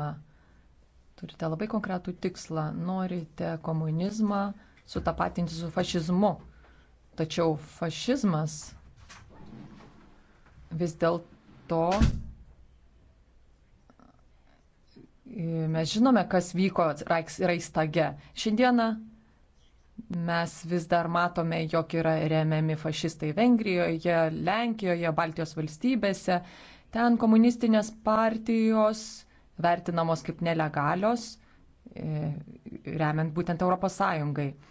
klausimą. Turite labai konkretų tikslą. Norite komunizmą sutapatinti su fašizmu. Tačiau fašizmas vis dėlto e, mes žinome, kas vyko Raistage. Šiandieną mes vis dar matome, jog yra remiami fašistai Vengrijoje, Lenkijoje, Baltijos valstybėse. Ten komunistinės partijos vertinamos kaip nelegalios, e, remiant būtent ES.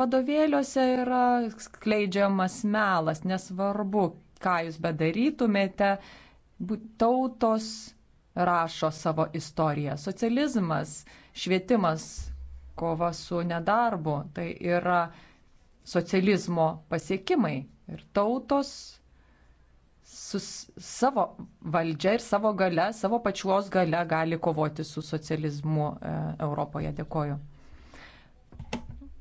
Vadovėliuose yra skleidžiamas melas, nesvarbu, ką jūs bedarytumėte, tautos rašo savo istoriją. Socializmas, švietimas, kova su nedarbu, tai yra socializmo pasiekimai ir tautos su savo valdžia ir savo gale, savo pačios gale gali kovoti su socializmu e, Europoje. Dėkoju.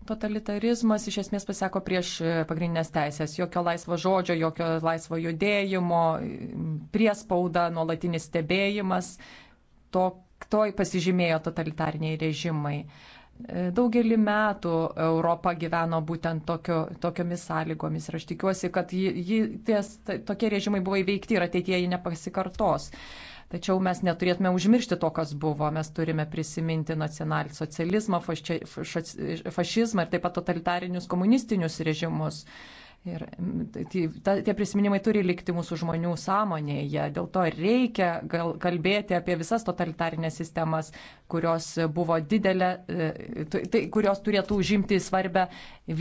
Totalitarizmas iš esmės pasako prieš e, pagrindinės teisės. Jokio laisvo žodžio, jokio laisvo judėjimo, priespauda, nuolatinis stebėjimas. To, to pasižymėjo totalitariniai režimai. Uh, E, daugelį metų Europa gyveno būtent tokio, tokiomis sąlygomis ir aš tikiuosi, kad ji, ji, ties, tokie režimai buvo įveikti ir ateitie jie nepasikartos. Tačiau mes neturėtume užmiršti to, kas buvo. Mes turime prisiminti nacionalsocializmą, fašizmą ir taip pat totalitarinius komunistinius režimus. Ir tai, tai, tie prisiminimai turi likti mūsų žmonių sąmonėje. Dėl to reikia gal, kalbėti apie visas totalitarinės sistemas, kurios buvo didelė, e, tai, kurios turėtų užimti svarbę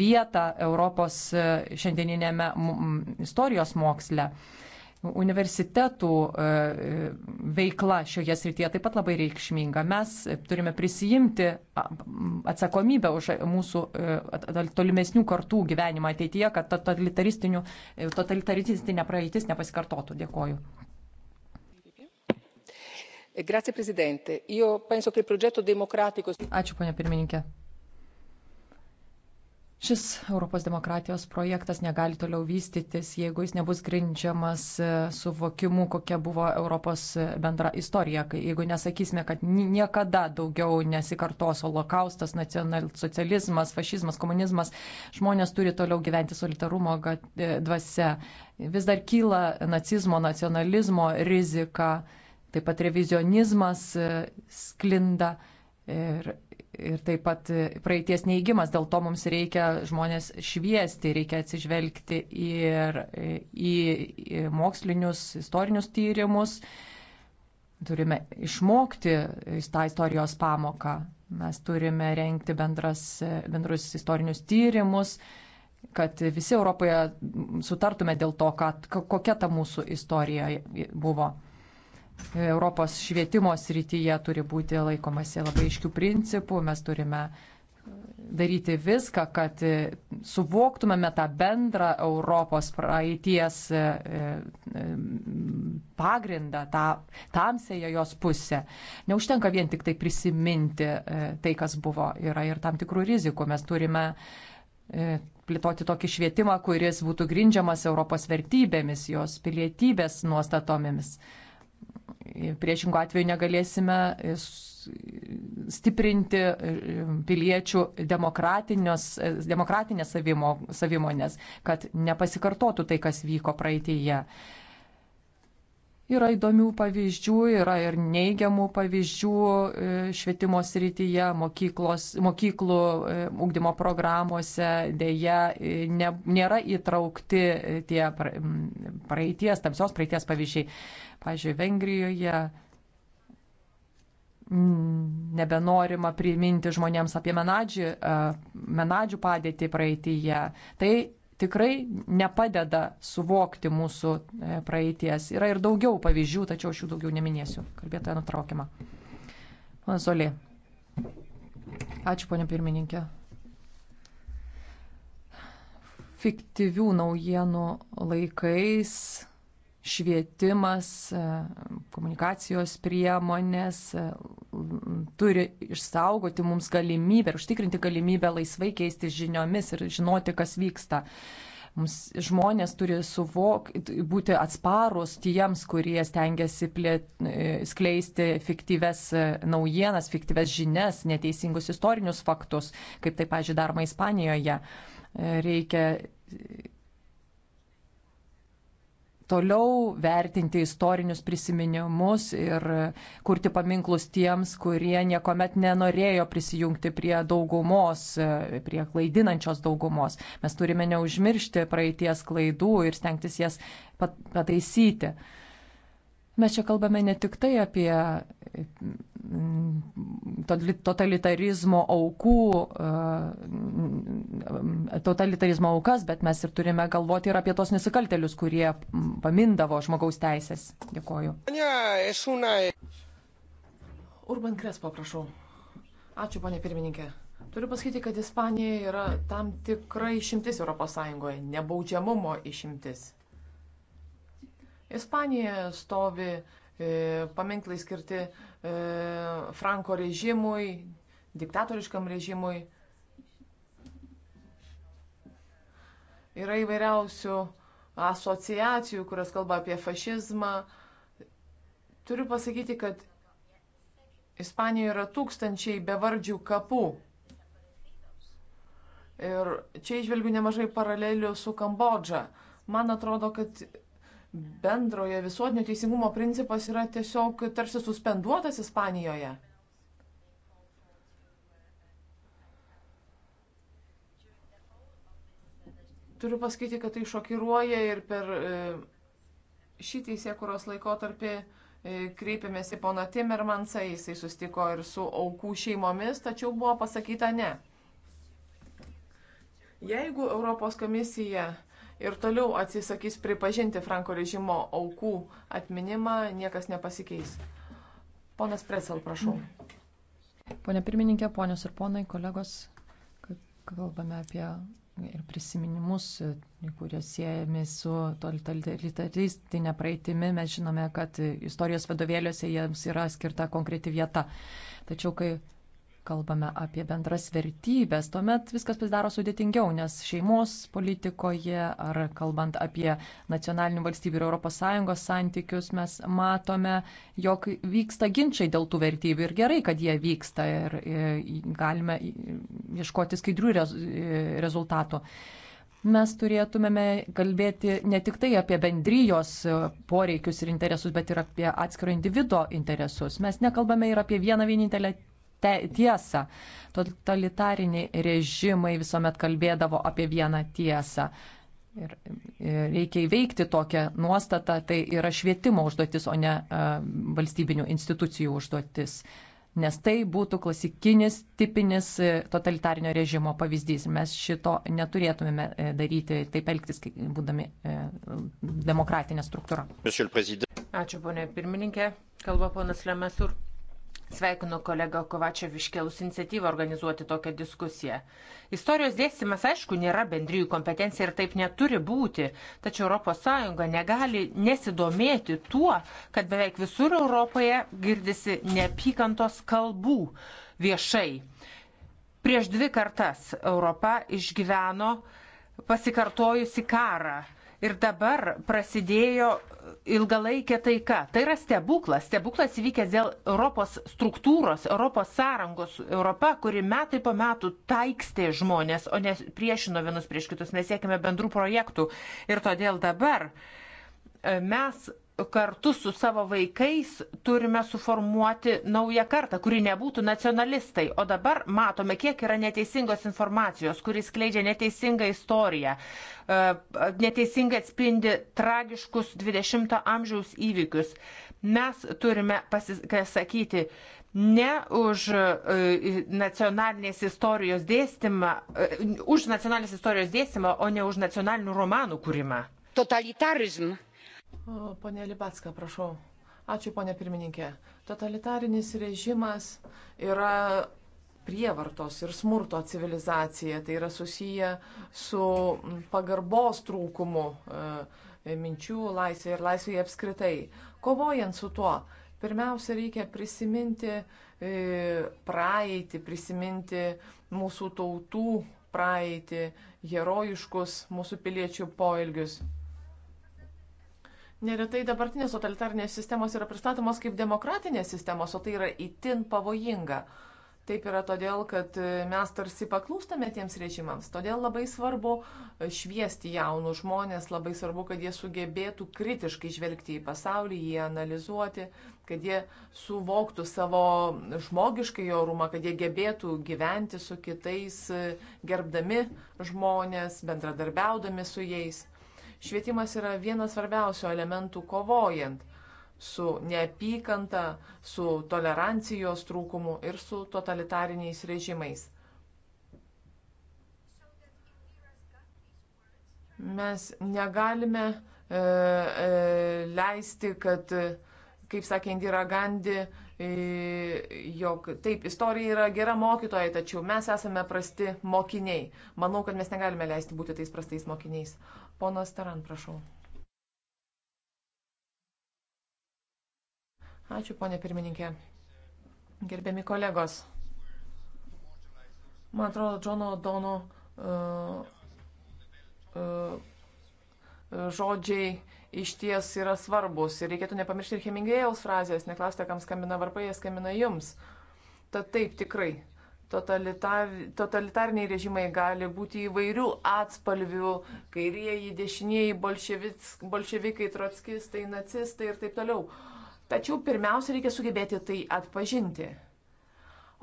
vietą Europos e, šiandieninėme istorijos moksle universitetų e, e, veikla šioje srityje taip pat labai reikšminga. Mes turime prisijimti atsakomybę už mūsų e, tolimesnių kartų gyvenimą ateityje, kad totalitaristinė praeitis nepasikartotų. Dėkoju. Grazie, Presidente. Io penso che il progetto democratico. Ačiū, ponia pirmininkė. Šis Europos demokratijos projektas negali toliau vystytis, jeigu jis nebus grindžiamas e, suvokimu, kokia buvo Europos e, bendra istorija. Kai, jeigu nesakysime, kad niekada daugiau nesikartos holokaustas, nacionalsocializmas, fašizmas, komunizmas, žmonės turi toliau gyventi solidarumo e, dvasia. Vis dar kyla nacizmo, nacionalizmo rizika, taip pat revizionizmas sklinda. Ir ir taip pat praeities neįgymas. Dėl to mums reikia žmonės šviesti, reikia atsižvelgti ir į mokslinius, istorinius tyrimus. Turime išmokti tą istorijos pamoką. Mes turime renkti bendras, bendrus istorinius tyrimus, kad visi Europoje sutartume dėl to, kad, kokia ta mūsų istorija buvo. Europos švietimo srityje turi būti laikomasi labai iškių principų, mes turime e, daryti viską, kad e, suvoktumėme tą bendrą Europos praeities e, pagrindą, tą tamsėje jos pusę. Neužtenka vien tik tai prisiminti tai, kas buvo. Yra ir tam tikrų rizikų. Mes turime plėtoti tokį švietimą, kuris būtų grindžiamas Europos vertybėmis, jos pilietybės nuostatomis. Priešingų atveju negalėsime e, stiprinti e, piliečių e, demokratinės savimonės, kad nepasikartotų tai, kas vyko praeitėje. Yra įdomių pavyzdžių, yra ir neigiamų pavyzdžių e, švietimo srityje, mokyklos, mokyklų e, ugdymo programuose dėja e, ne, nėra įtraukti tie praeities, tamsios praeities pavyzdžiai. Pavyzdžiui, Vengrijoje nebenorima priminti žmonėms apie menadžių, menadžių padėtį praeitįje. Tai tikrai nepadeda suvokti mūsų e, praeities. Yra ir daugiau pavyzdžių, tačiau aš jų daugiau neminėsiu. Kalbėtoja nutraukiama. Pana Solė. Ačiū, ponė pirmininkė. Fiktyvių naujienų laikais švietimas, e, komunikacijos priemonės e, turi išsaugoti mums galimybę ir užtikrinti galimybę laisvai keisti žiniomis ir žinoti, kas vyksta. Mums žmonės turi suvok, būti atsparus tiems, kurie stengiasi plėt, e, skleisti fiktyves naujienas, fiktyves žinias, neteisingus istorinius faktus, kaip tai, pažiūrėjau, daroma Ispanijoje. Reikia toliau vertinti istorinius prisiminimus ir kurti paminklus tiems, kurie niekuomet nenorėjo prisijungti prie daugumos, prie klaidinančios daugumos. Mes turime neužmiršti praeities klaidų ir stengtis jas pataisyti. Mes čia kalbame ne tik tai apie mm, totalitarizmo aukų, e, totalitarizmo aukas, bet mes ir turime galvoti ir apie tos nusikaltelius, kurie pamindavo žmogaus teisės. Dėkoju. Urban Krespo, prašau. Ačiū, ponė pirmininkė. Turiu pasakyti, kad Ispanija yra tam tikra išimtis ES, nebaudžiamumo išimtis. Ispanijoje stovi e, paminklai skirti e, Franko režimui, diktatoriškam režimui. Yra įvairiausių asociacijų, kurios kalba apie fašizmą. Turiu pasakyti, kad Ispanijoje yra tūkstančiai bevardžių kapų. Ir čia išvelgiu nemažai paralelių su Kambodža. Man atrodo, kad bendrojo visuotinio teisingumo principas yra tiesiog tarsi suspenduotas Ispanijoje. Turiu pasakyti, kad tai šokiruoja ir per e, šį teisėkuros laikotarpį e, kreipėmės į poną Timmermansą, jisai sustiko ir su aukų šeimomis, tačiau buvo pasakyta ne. Jeigu Europos komisija ir toliau atsisakys pripažinti Franko režimo aukų atminimą, niekas nepasikeis. Ponas Presel, prašau. Pone pirmininkė, ponios ir ponai, kolegos, kalbame apie ir prisiminimus, kurie siejami su totalitaristinė praeitimi, mes žinome, kad istorijos vadovėliuose jiems yra skirta konkreti vieta. Tačiau, kai kalbame apie bendras vertybės, tuomet viskas pasidaro sudėtingiau, nes šeimos politikoje ar kalbant apie nacionalinių valstybių ir ES santykius mes matome, jog vyksta ginčiai dėl tų vertybių ir gerai, kad jie vyksta ir, ir galime ieškoti skaidrių rez, rezultatų mes turėtumėme kalbėti ne tik tai apie bendrijos poreikius ir interesus, bet ir apie atskiro individo interesus. Mes nekalbame ir apie vieną vienintelę te, tiesą. Totalitariniai režimai visuomet kalbėdavo apie vieną tiesą. Ir e, reikia įveikti tokią nuostatą, tai yra švietimo užduotis, o ne uh, valstybinių institucijų užduotis. Nes tai būtų klasikinis, tipinis e, totalitarinio režimo pavyzdys. Mes šito neturėtumėme daryti, taip elgtis, būdami uh, demokratinė struktūra. Ačiū, ponė pirmininkė. Kalba ponas Lemesur. Sveikinu kolegą Kovačią Viškelus iniciatyvą organizuoti tokią diskusiją. Istorijos dėstymas, aišku, nėra bendryjų kompetencija ir taip neturi būti, tačiau ES negali nesidomėti tuo, kad beveik visur Europoje girdisi neapykantos kalbų viešai. Prieš dvi kartas Europa išgyveno pasikartojusi karą Ir dabar prasidėjo ilgalaikė taika. Tai yra stebuklas. Stebuklas įvykęs dėl Europos struktūros, Europos sąrangos. Europa, kuri metai po metų taikstė žmonės, o ne priešino vienus prieš kitus. Mes siekime bendrų projektų. Ir todėl dabar e, mes kartu su savo vaikais turime suformuoti naują kartą, kuri nebūtų nacionalistai. O dabar matome, kiek yra neteisingos informacijos, kuris kleidžia neteisingą istoriją, e, neteisingai atspindi tragiškus 20-ojo amžiaus įvykius. Mes turime pasisakyti ne už e, nacionalinės istorijos dėstymą, e, už nacionalinės istorijos dėstymą, o ne už nacionalinių romanų kūrimą. Totalitarizmas Pone Libacka, prašau. Ačiū, ponė pirmininkė. Totalitarinis režimas yra prievartos ir smurto civilizacija. Tai yra susiję su pagarbos trūkumu e, minčių laisvė ir laisvė apskritai. Kovojant su tuo, pirmiausia, reikia prisiminti e, praeitį, prisiminti mūsų tautų praeitį, herojiškus mūsų piliečių poelgius. Neretai dabartinės totalitarnės sistemos yra pristatomos kaip demokratinės sistemos, o tai yra itin pavojinga. Taip yra todėl, kad e, mes tarsi paklūstame tiems režimams. Todėl labai svarbu e, šviesti jaunų žmonės, labai svarbu, kad jie sugebėtų kritiškai žvelgti į pasaulį, jį analizuoti, kad jie suvoktų savo žmogiškai orumą, kad jie gebėtų gyventi su kitais, e, gerbdami žmonės, bendradarbiaudami su jais. Švietimas yra vienas svarbiausių elementų kovojant su neapykanta, su tolerancijos trūkumu ir su totalitariniais režimais. Mes negalime e, e, leisti, kad, kaip sakė Indira Gandhi, e, jog taip, istorija yra gera mokytoja, tačiau mes esame prasti mokiniai. Manau, kad mes negalime leisti būti tais prastais mokiniais. Ponas Taran, prašau. Ačiū, ponė pirmininkė. Gerbiami kolegos. Man atrodo, Džono Dono uh, uh, žodžiai iš ties yra svarbus. Ir reikėtų nepamiršti ir Hemingvėjaus frazės, neklausti, kam skambina varpai, jie skambina jums. Tad taip, tikrai. Totalitar, totalitariniai režimai gali būti įvairių atspalvių - kairieji, dešinieji, bolševikai, trotskistai, nacistai ir taip toliau. Tačiau pirmiausia, reikia sugebėti tai atpažinti.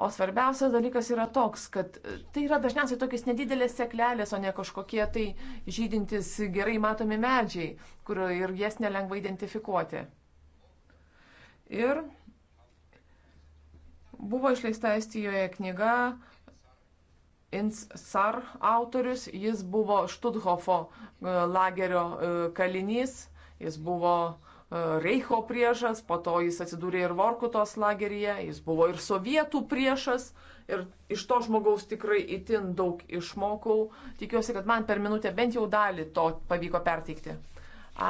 O svarbiausias dalykas yra toks, kad e, tai yra dažniausiai tokios nedidelės seklelės, o ne kažkokie tai žydintis gerai matomi medžiai, kur ir jas nelengva identifikuoti. Ir Buvo išleista Estijoje knyga Insar autorius, jis buvo Štuthofo e, lagerio e, kalinys, jis buvo e, Reicho priešas, po to jis atsidūrė ir Vorkutos lageryje, jis buvo ir sovietų priešas ir iš to žmogaus tikrai itin daug išmokau. Tikiuosi, kad man per minutę bent jau dalį to pavyko perteikti.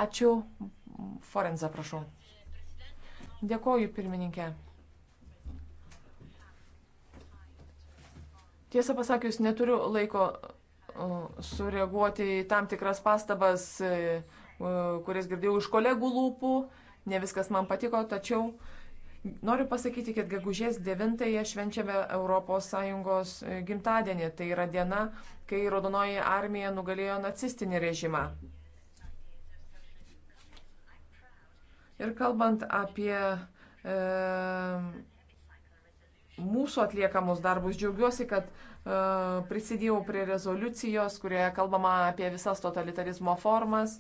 Ačiū. Forenza, prašau. Dėkoju, pirmininkė. Tiesą pasakius, neturiu laiko sureaguoti į tam tikras pastabas, e, kurias girdėjau iš kolegų lūpų. Ne viskas man patiko, tačiau noriu pasakyti, kad gegužės 9-ąją švenčiame ES e, gimtadienį. Tai yra diena, kai Raudonoji armija nugalėjo nacistinį režimą. Ir kalbant apie e, mūsų atliekamus darbus. Džiaugiuosi, kad uh, prisidėjau prie rezoliucijos, kurioje kalbama apie visas totalitarizmo formas.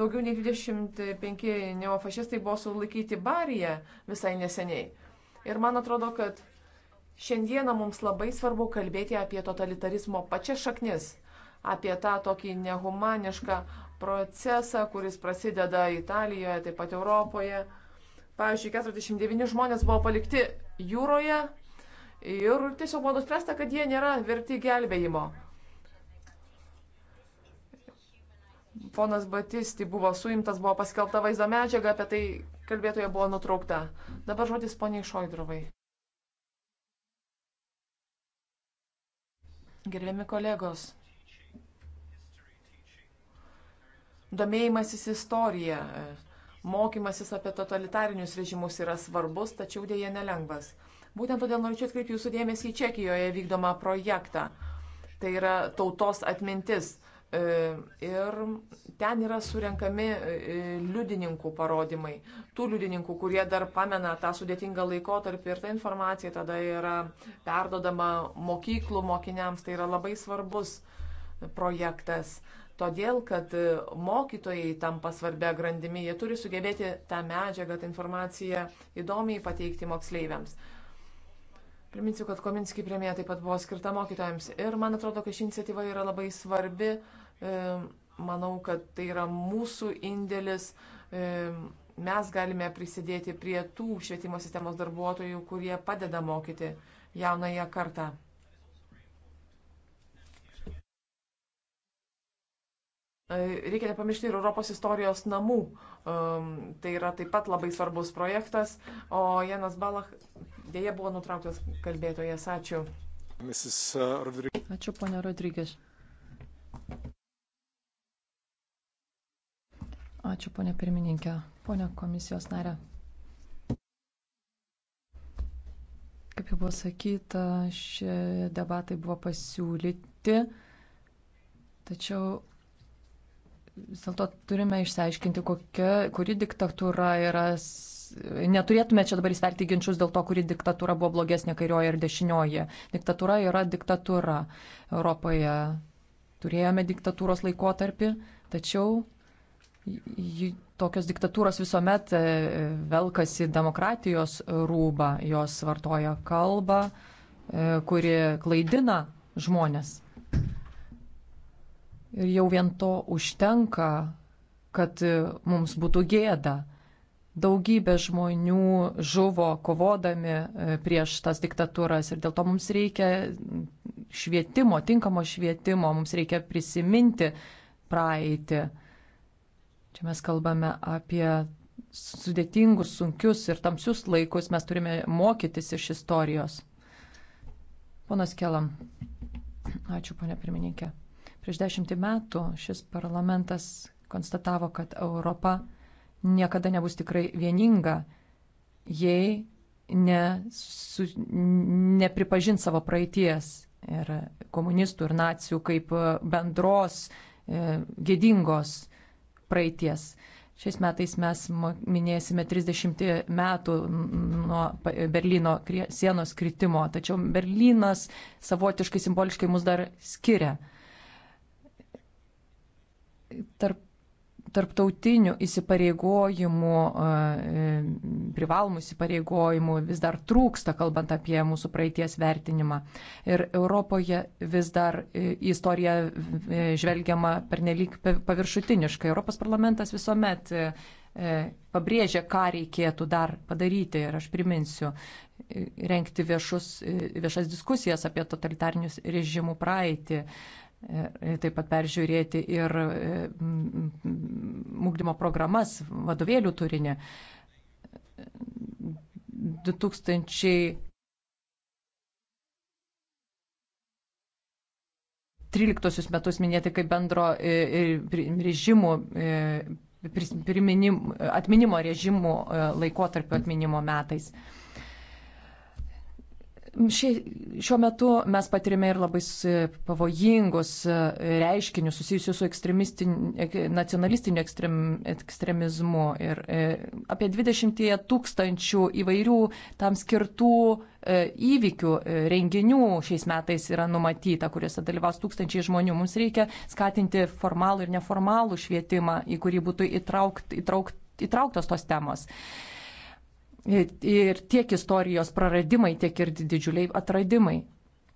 Daugiau nei 25 neofašistai buvo sulaikyti baryje visai neseniai. Ir man atrodo, kad šiandieną mums labai svarbu kalbėti apie totalitarizmo pačias šaknis, apie tą tokį nehumanišką procesą, kuris prasideda Italijoje, taip pat Europoje. Uh, Pavyzdžiui, 49 žmonės buvo palikti jūroje ir tiesiog buvo nuspręsta, kad jie nėra verti gelbėjimo. Ponas Batisti buvo suimtas, buvo paskelbta vaizdo medžiaga, apie tai kalbėtoje buvo nutraukta. Dabar žodis poniai Šoidrovai. Gerbiami kolegos, domėjimasis istorija Mokymasis apie totalitarinius režimus yra svarbus, tačiau dėje nelengvas. Būtent todėl norėčiau atkreipti jūsų dėmesį į Čekijoje vykdomą projektą. Tai yra tautos atmintis. E, ir ten yra surenkami e, liudininkų parodymai. Tų liudininkų, kurie dar pamena tą sudėtingą laikotarpį ir ta informacija tada yra perdodama mokyklų mokiniams. Tai yra labai svarbus projektas. Todėl, kad e, mokytojai tampa svarbia grandimi, jie turi sugebėti tą medžiagą, tą informaciją įdomiai pateikti moksleiviams. Priminsiu, kad Kominski premija taip pat buvo skirta mokytojams. Ir man atrodo, kad ši iniciatyva yra labai svarbi. E, manau, kad tai yra mūsų indėlis. E, mes galime prisidėti prie tų švietimo sistemos darbuotojų, kurie padeda mokyti jaunąją kartą. E, reikia nepamiršti ir Europos istorijos namų. Tai yra taip pat labai svarbus projektas. O Janas Balach dėja buvo nutrauktas kalbėtojas. Ačiū. Uh, Ačiū, ponia Rodrygės. Ačiū, ponia pirmininkė, ponia komisijos narė. Kaip jau buvo sakyta, šie debatai buvo pasiūlyti, tačiau vis dėlto turime išsiaiškinti, kokia, kuri diktatūra yra. Neturėtume čia dabar įsverti ginčius dėl to, kuri diktatūra buvo blogesnė kairioje ir dešinioje. Diktatūra yra diktatūra. Europoje turėjome diktatūros laikotarpį, tačiau tokios diktatūros visuomet e, velkasi demokratijos rūbą, jos vartoja kalbą, e, kuri klaidina žmonės. Ir jau vien to užtenka, kad mums būtų gėda. Daugybė žmonių žuvo kovodami e, prieš tas diktatūras ir dėl to mums reikia švietimo, tinkamo švietimo, mums reikia prisiminti praeitį. Čia mes kalbame apie sudėtingus, sunkius ir tamsius laikus, mes turime mokytis iš istorijos. Ponas Kelam. Ačiū, ponė pirmininkė. Prieš dešimtį metų šis parlamentas konstatavo, kad Europa niekada nebus tikrai vieninga, jei ne, su, nepripažins savo praeities ir komunistų ir nacijų kaip bendros e, gėdingos praeities. Šiais metais mes minėsime 30 metų nuo Berlyno sienos kritimo, tačiau Berlynas savotiškai simboliškai mus dar skiria tarp tarptautinių įsipareigojimų, e, privalomų įsipareigojimų vis dar trūksta, kalbant apie mūsų praeities vertinimą. Ir Europoje vis dar e, į istoriją e, žvelgiama pernelyg paviršutiniškai. Europos parlamentas visuomet pabrėžia, ką reikėtų dar padaryti. Ir aš priminsiu, renkti viešus, viešas diskusijas apie totalitarinius režimų praeitį, taip pat peržiūrėti ir mūgdymo mm, programas, vadovėlių turinį. 2013 metus minėti kaip bendro e, e, režimų, e, priminimo, atminimo režimų laikotarpio atminimo metais. Ši, šiuo metu mes patirime ir labai pavojingus e, reiškinius susijusius su nacionalistiniu ekstrem, ekstremizmu. Ir e, apie 20 tūkstančių įvairių tam skirtų e, įvykių, renginių šiais metais yra numatyta, kuriuose dalyvaus tūkstančiai žmonių. Mums reikia skatinti formalų ir neformalų švietimą, į kurį būtų įtraukt, įtraukt, įtrauktos tos temos ir tiek istorijos praradimai, tiek ir didžiuliai atradimai.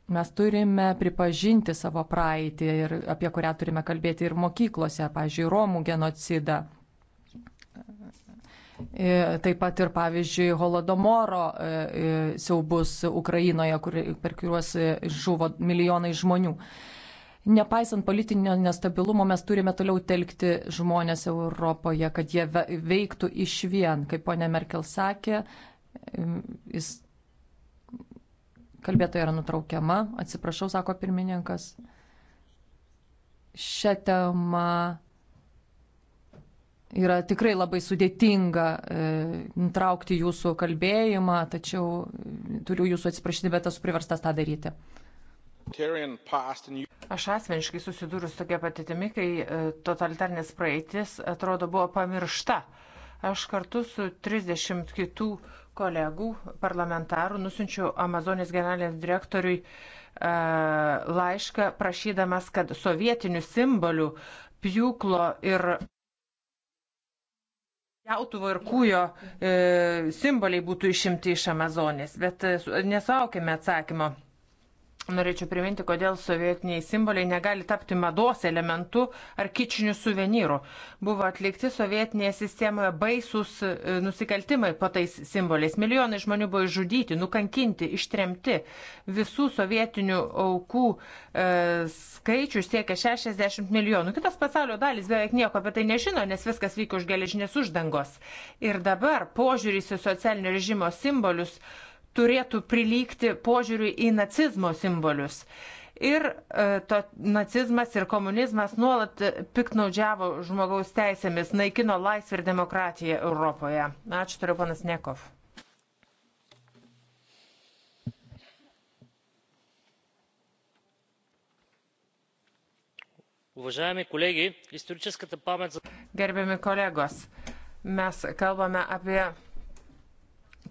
Mes turime pripažinti savo praeitį, ir, apie kurią turime kalbėti ir mokyklose, pavyzdžiui, Romų genocidą. E, taip pat ir, pavyzdžiui, Holodomoro e, e, siaubus Ukrainoje, kur, per kuriuos žuvo milijonai žmonių. Nepaisant politinio nestabilumo, mes turime toliau telkti žmonės Europoje, kad jie veiktų iš vien, kaip ponė Merkel sakė. Jis kalbėtoja yra nutraukiama, atsiprašau, sako pirmininkas. Šią temą yra tikrai labai sudėtinga e, nutraukti jūsų kalbėjimą, tačiau turiu jūsų atsiprašyti, bet esu priverstas tą daryti. Aš asmeniškai susidūrus tokia patitimi, kai e, totalitarnės praeitis atrodo buvo pamiršta. Aš kartu su 30 kitų kolegų parlamentarų nusinčiau Amazonės generalinės direktoriui e, laišką prašydamas, kad sovietinių simbolių pjūklo ir jautuvo ir kūjo e, simboliai būtų išimti iš Amazonės, bet e, nesaukime atsakymo. Norėčiau priminti, kodėl sovietiniai simboliai negali tapti mados elementu ar kičiniu suvenyru. Buvo atlikti sovietinėje sistemoje baisūs e, nusikaltimai po tais simboliais. Milijonai žmonių buvo išžudyti, nukankinti, ištremti. Visų sovietinių aukų e, skaičius siekia 60 milijonų. Kitos pasaulio dalis beveik nieko apie tai nežino, nes viskas vyko už geležinės uždangos. Ir dabar požiūris į socialinio režimo simbolius turėtų prilygti požiūriui į nacizmo simbolius. Ir e, to nacizmas ir komunizmas nuolat piknaudžiavo žmogaus teisėmis, naikino laisvę ir demokratiją Europoje. Ačiū, turiu panas Nekov. Уважаеми колеги, историческата памет за... Gerbiami kolegos, mes kalbame apie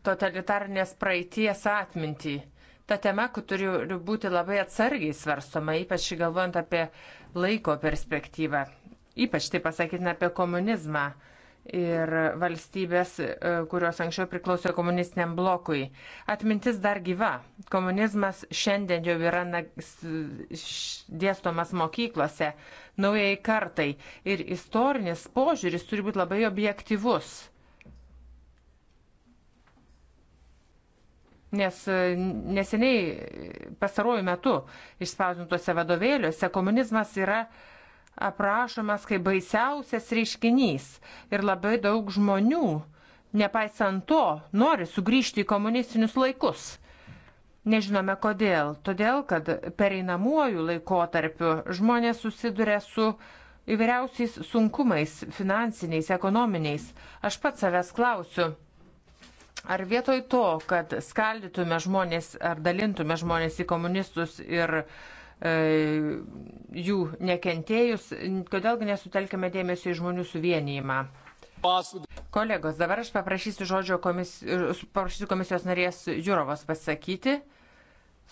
totalitarnės praeities atmintį. Ta tema, kur turi būti labai atsargiai svarstoma, ypač galvojant apie laiko perspektyvą. Ypač tai pasakytina apie komunizmą ir valstybės, e, kurios anksčiau priklausė komunistiniam blokui. Atmintis dar gyva. Komunizmas šiandien jau yra dėstomas mokyklose naujai kartai. Ir istorinis požiūris turi būti labai objektivus. Nes e, neseniai pastaruoju metu išspausintose vadovėliuose komunizmas yra aprašomas kaip baisiausias reiškinys ir labai daug žmonių, nepaisant to, nori sugrįžti į komunistinius laikus. Nežinome kodėl. Todėl, kad pereinamuoju laikotarpiu žmonės susiduria su įvairiausiais sunkumais finansiniais, ekonominiais. Aš pats savęs klausiu, Ar vietoj to, kad skaldytume žmonės ar dalintume žmonės į komunistus ir e, jų nekentėjus, kodėlgi nesutelkime dėmesio į žmonių suvienijimą? Kolegos, dabar aš paprašysiu, žodžio komis, paprašysiu komisijos narės Jurovos pasakyti,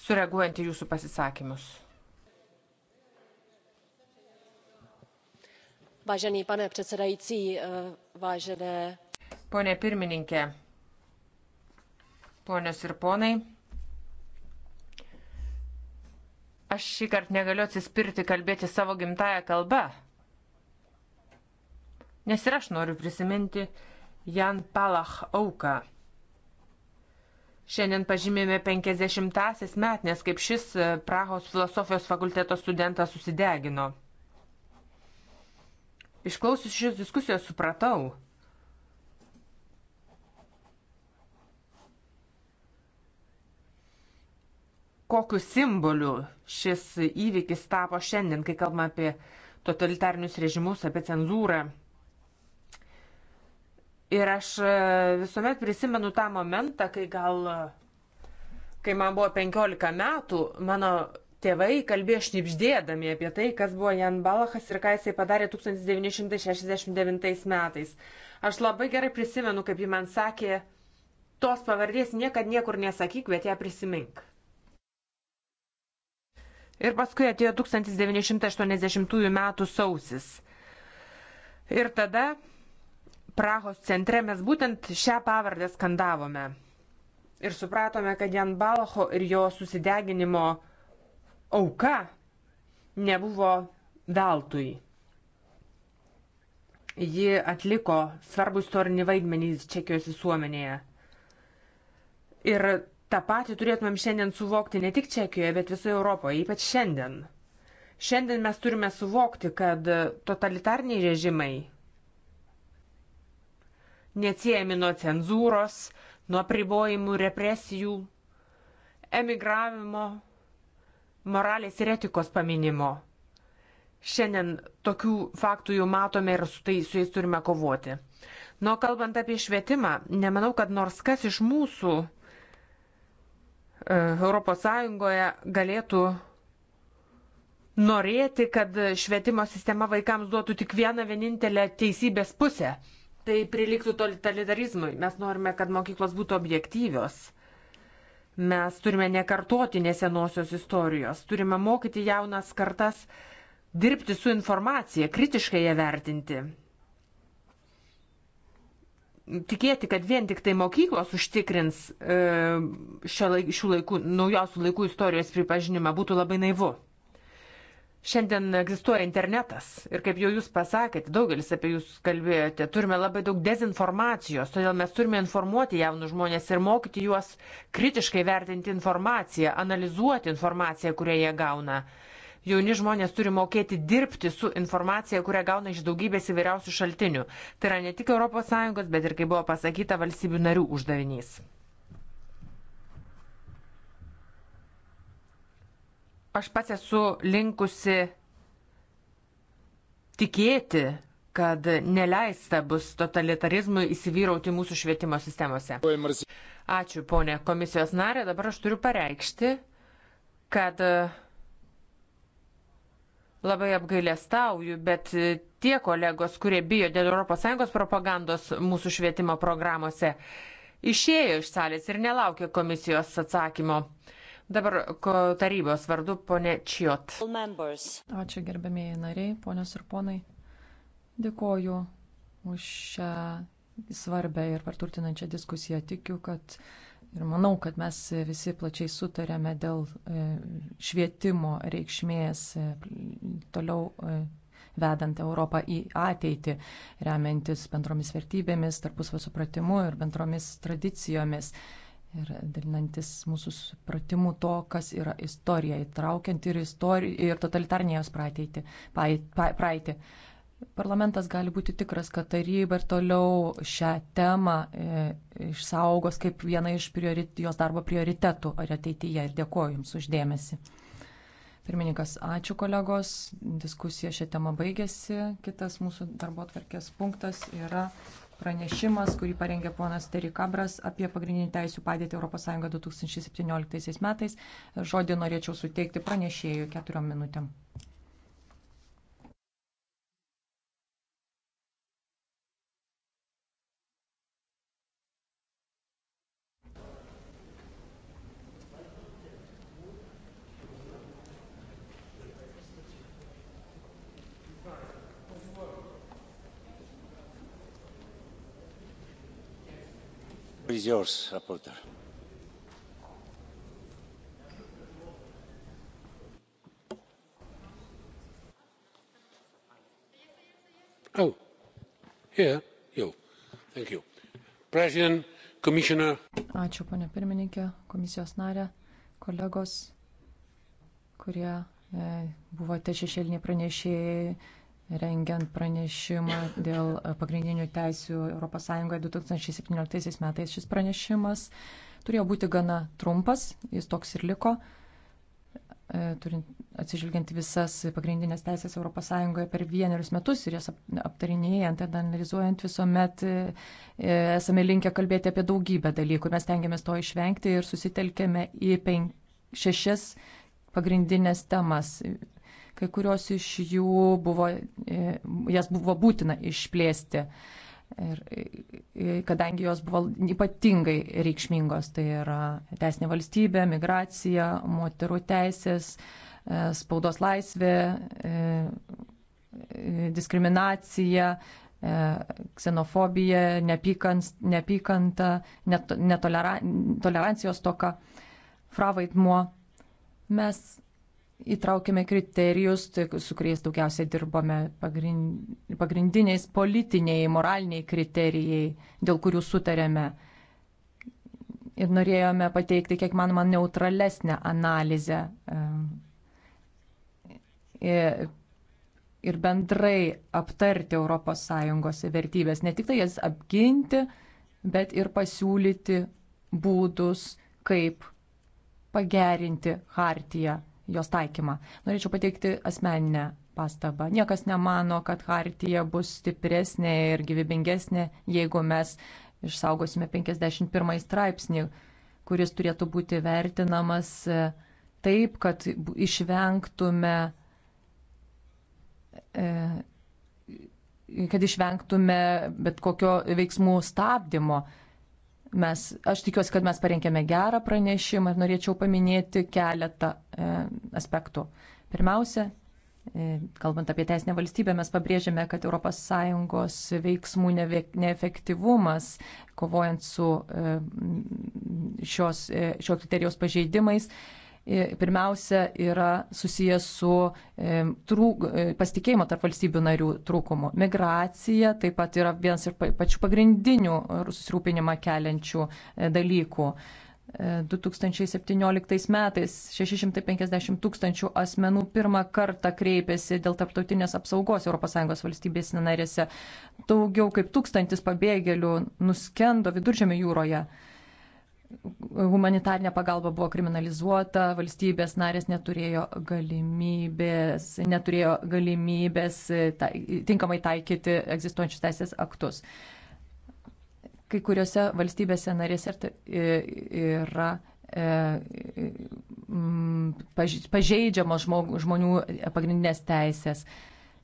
sureaguojant į jūsų pasisakymus. Vážený pane předsedající, e, vážené. Pone pirmininkė, ponios ir ponai. Aš šį kartą negaliu atsispirti kalbėti savo gimtają kalbą, nes ir aš noriu prisiminti Jan Palach auką. Šiandien pažymėme 50-asias metnes, kaip šis e, Prahos filosofijos fakulteto studentas susidegino. Išklausius šios diskusijos supratau, kokiu simboliu šis įvykis tapo šiandien, kai kalbame apie totalitarinius režimus, apie cenzūrą. Ir aš e, visuomet prisimenu tą momentą, kai gal, e, kai man buvo 15 metų, mano tėvai kalbėjo šnipždėdami apie tai, kas buvo Jan Balachas ir ką jisai padarė 1969 metais. Aš labai gerai prisimenu, kaip ji man sakė, tos pavardės niekad niekur nesakyk, bet ją prisimink. Ir paskui atėjo 1980 m. sausis. Ir tada Prahos centre mes būtent šią pavardę skandavome. Ir supratome, kad Jan Balacho ir jo susideginimo auka nebuvo veltui. Ji atliko svarbų istorinį vaidmenį Čekijos visuomenėje. Ir Ta pati turėtumėm šiandien suvokti ne tik Čekijoje, bet visoje Europoje, ypač šiandien. Šiandien mes turime suvokti, kad totalitarniai režimai neatsiejami nuo cenzūros, nuo pribojimų, represijų, emigravimo, moralės ir etikos paminimo. Šiandien tokių faktų jau matome ir su, tai, su jais turime kovoti. Nuo kalbant apie švietimą, nemanau, kad nors kas iš mūsų ES eh, galėtų norėti, kad švietimo sistema vaikams duotų tik vieną vienintelę teisybės pusę. Tai priliktų totalitarizmui. Mes norime, kad mokyklos būtų objektyvios. Mes turime nekartoti nesenosios istorijos. Turime mokyti jaunas kartas dirbti su informacija, kritiškai ją vertinti tikėti, kad vien tik tai mokyklos užtikrins e, laik, šių laikų, naujausių laikų istorijos pripažinimą būtų labai naivu. Šiandien egzistuoja internetas ir kaip jau jūs pasakėte, daugelis apie jūs kalbėjote, turime labai daug dezinformacijos, todėl mes turime informuoti jaunus žmonės ir mokyti juos kritiškai vertinti informaciją, analizuoti informaciją, kurią jie gauna. Uh, Jauni žmonės turi mokėti dirbti su informacija, kurią gauna iš daugybės įvairiausių šaltinių. Tai yra ne tik ES, bet ir, kaip buvo pasakyta, valstybių narių uždavinys. Aš pats esu linkusi tikėti, kad neleista bus totalitarizmui įsivyrauti mūsų švietimo sistemose. Ačiū, ponė komisijos narė. Dabar aš turiu pareikšti, kad Labai apgailėstauju, bet e, tie kolegos, kurie bijo dėl ES propagandos mūsų švietimo programuose, išėjo iš salės ir nelaukė komisijos atsakymo. Dabar tarybos vardu ponė Čiot. Ačiū gerbėmėjai nariai, ponios ir ponai. Dėkoju už šią svarbę ir parturtinančią diskusiją. Tikiu, kad Ir manau, kad mes visi plačiai sutarėme dėl e, švietimo reikšmės e, toliau e, vedant Europą į ateitį, remiantis bendromis vertybėmis, tarpusavio supratimu ir bendromis tradicijomis. Ir dalinantis mūsų supratimu to, kas yra istorija, įtraukiant ir, istori ir totalitarnijos praeitį. praeitį. Parlamentas gali būti tikras, kad taryba ir toliau šią temą e, išsaugos kaip vieną iš priorit, jos darbo prioritetų ar ateityje ir dėkoju Jums uždėmesi. Pirmininkas, ačiū kolegos, diskusija šią temą baigėsi. Kitas mūsų darbo atvarkės punktas yra pranešimas, kurį parengė ponas Terikabras apie pagrindinį teisų padėtį ES 2017 metais. Žodį norėčiau suteikti pranešėjui keturiom minutėm. is yours rapporteur. Oh. Yeah. ačiū pone pirmininke komisijos nare kolegos kurie e, buvote šešėliniai pranešėjai rengiant pranešimą dėl pagrindinių teisių ES 2017 metais. Šis pranešimas turėjo būti gana trumpas, jis toks ir liko, e, turint atsižvelgiant visas pagrindinės teisės ES per vienerius metus ir jas aptarinėjant ir analizuojant visuomet e, e, esame linkę kalbėti apie daugybę dalykų. Mes tengiamės to išvengti ir susitelkėme į penk, šešias pagrindinės temas Kai kurios iš jų buvo, e, jas buvo būtina išplėsti. Ir e, kadangi jos buvo ypatingai reikšmingos, tai yra teisinė valstybė, migracija, moterų teisės, e, spaudos laisvė, diskriminacija, ksenofobija, neapykanta, netolerancijos toka, fravaidmuo. Mes įtraukėme kriterijus, tai su kuriais daugiausiai dirbome pagrindiniais politiniai, moraliniai kriterijai, dėl kurių sutarėme. Ir norėjome pateikti, kiek manoma, neutralesnę analizę. E, ir ir bendrai aptarti ES vertybės, ne tik tai jas apginti, bet ir pasiūlyti būdus, kaip pagerinti hartiją jos taikymą. Norėčiau pateikti asmeninę pastabą. Niekas nemano, kad Hartija bus stipresnė ir gyvybingesnė, jeigu mes išsaugosime 51 straipsnį, kuris turėtų būti vertinamas e, taip, kad išvengtume e, kad išvengtume bet kokio veiksmų stabdymo. Mes, aš tikiuosi, kad mes parengėme gerą pranešimą ir norėčiau paminėti keletą e, aspektų. Pirmiausia, e, Kalbant apie teisinę valstybę, mes pabrėžėme, kad ES veiksmų neefektyvumas, kovojant su e, šios, e, šio kriterijos pažeidimais, pirmiausia yra susijęs su e, trūk, e, pasitikėjimo tarp valstybių narių trūkumu. Migracija taip pat yra vienas ir pačių pagrindinių susirūpinimą keliančių e, dalykų. 2017 metais 650 tūkstančių asmenų pirmą kartą kreipėsi dėl tarptautinės apsaugos ES valstybės narėse. Daugiau kaip tūkstantis pabėgėlių nuskendo viduržėmio jūroje humanitarinė pagalba buvo kriminalizuota, valstybės narės neturėjo galimybės, neturėjo galimybės ta, tinkamai taikyti egzistuojančius teisės aktus. Kai kuriuose valstybėse narėse yra e, pažeidžiamos žmonių pagrindinės teisės.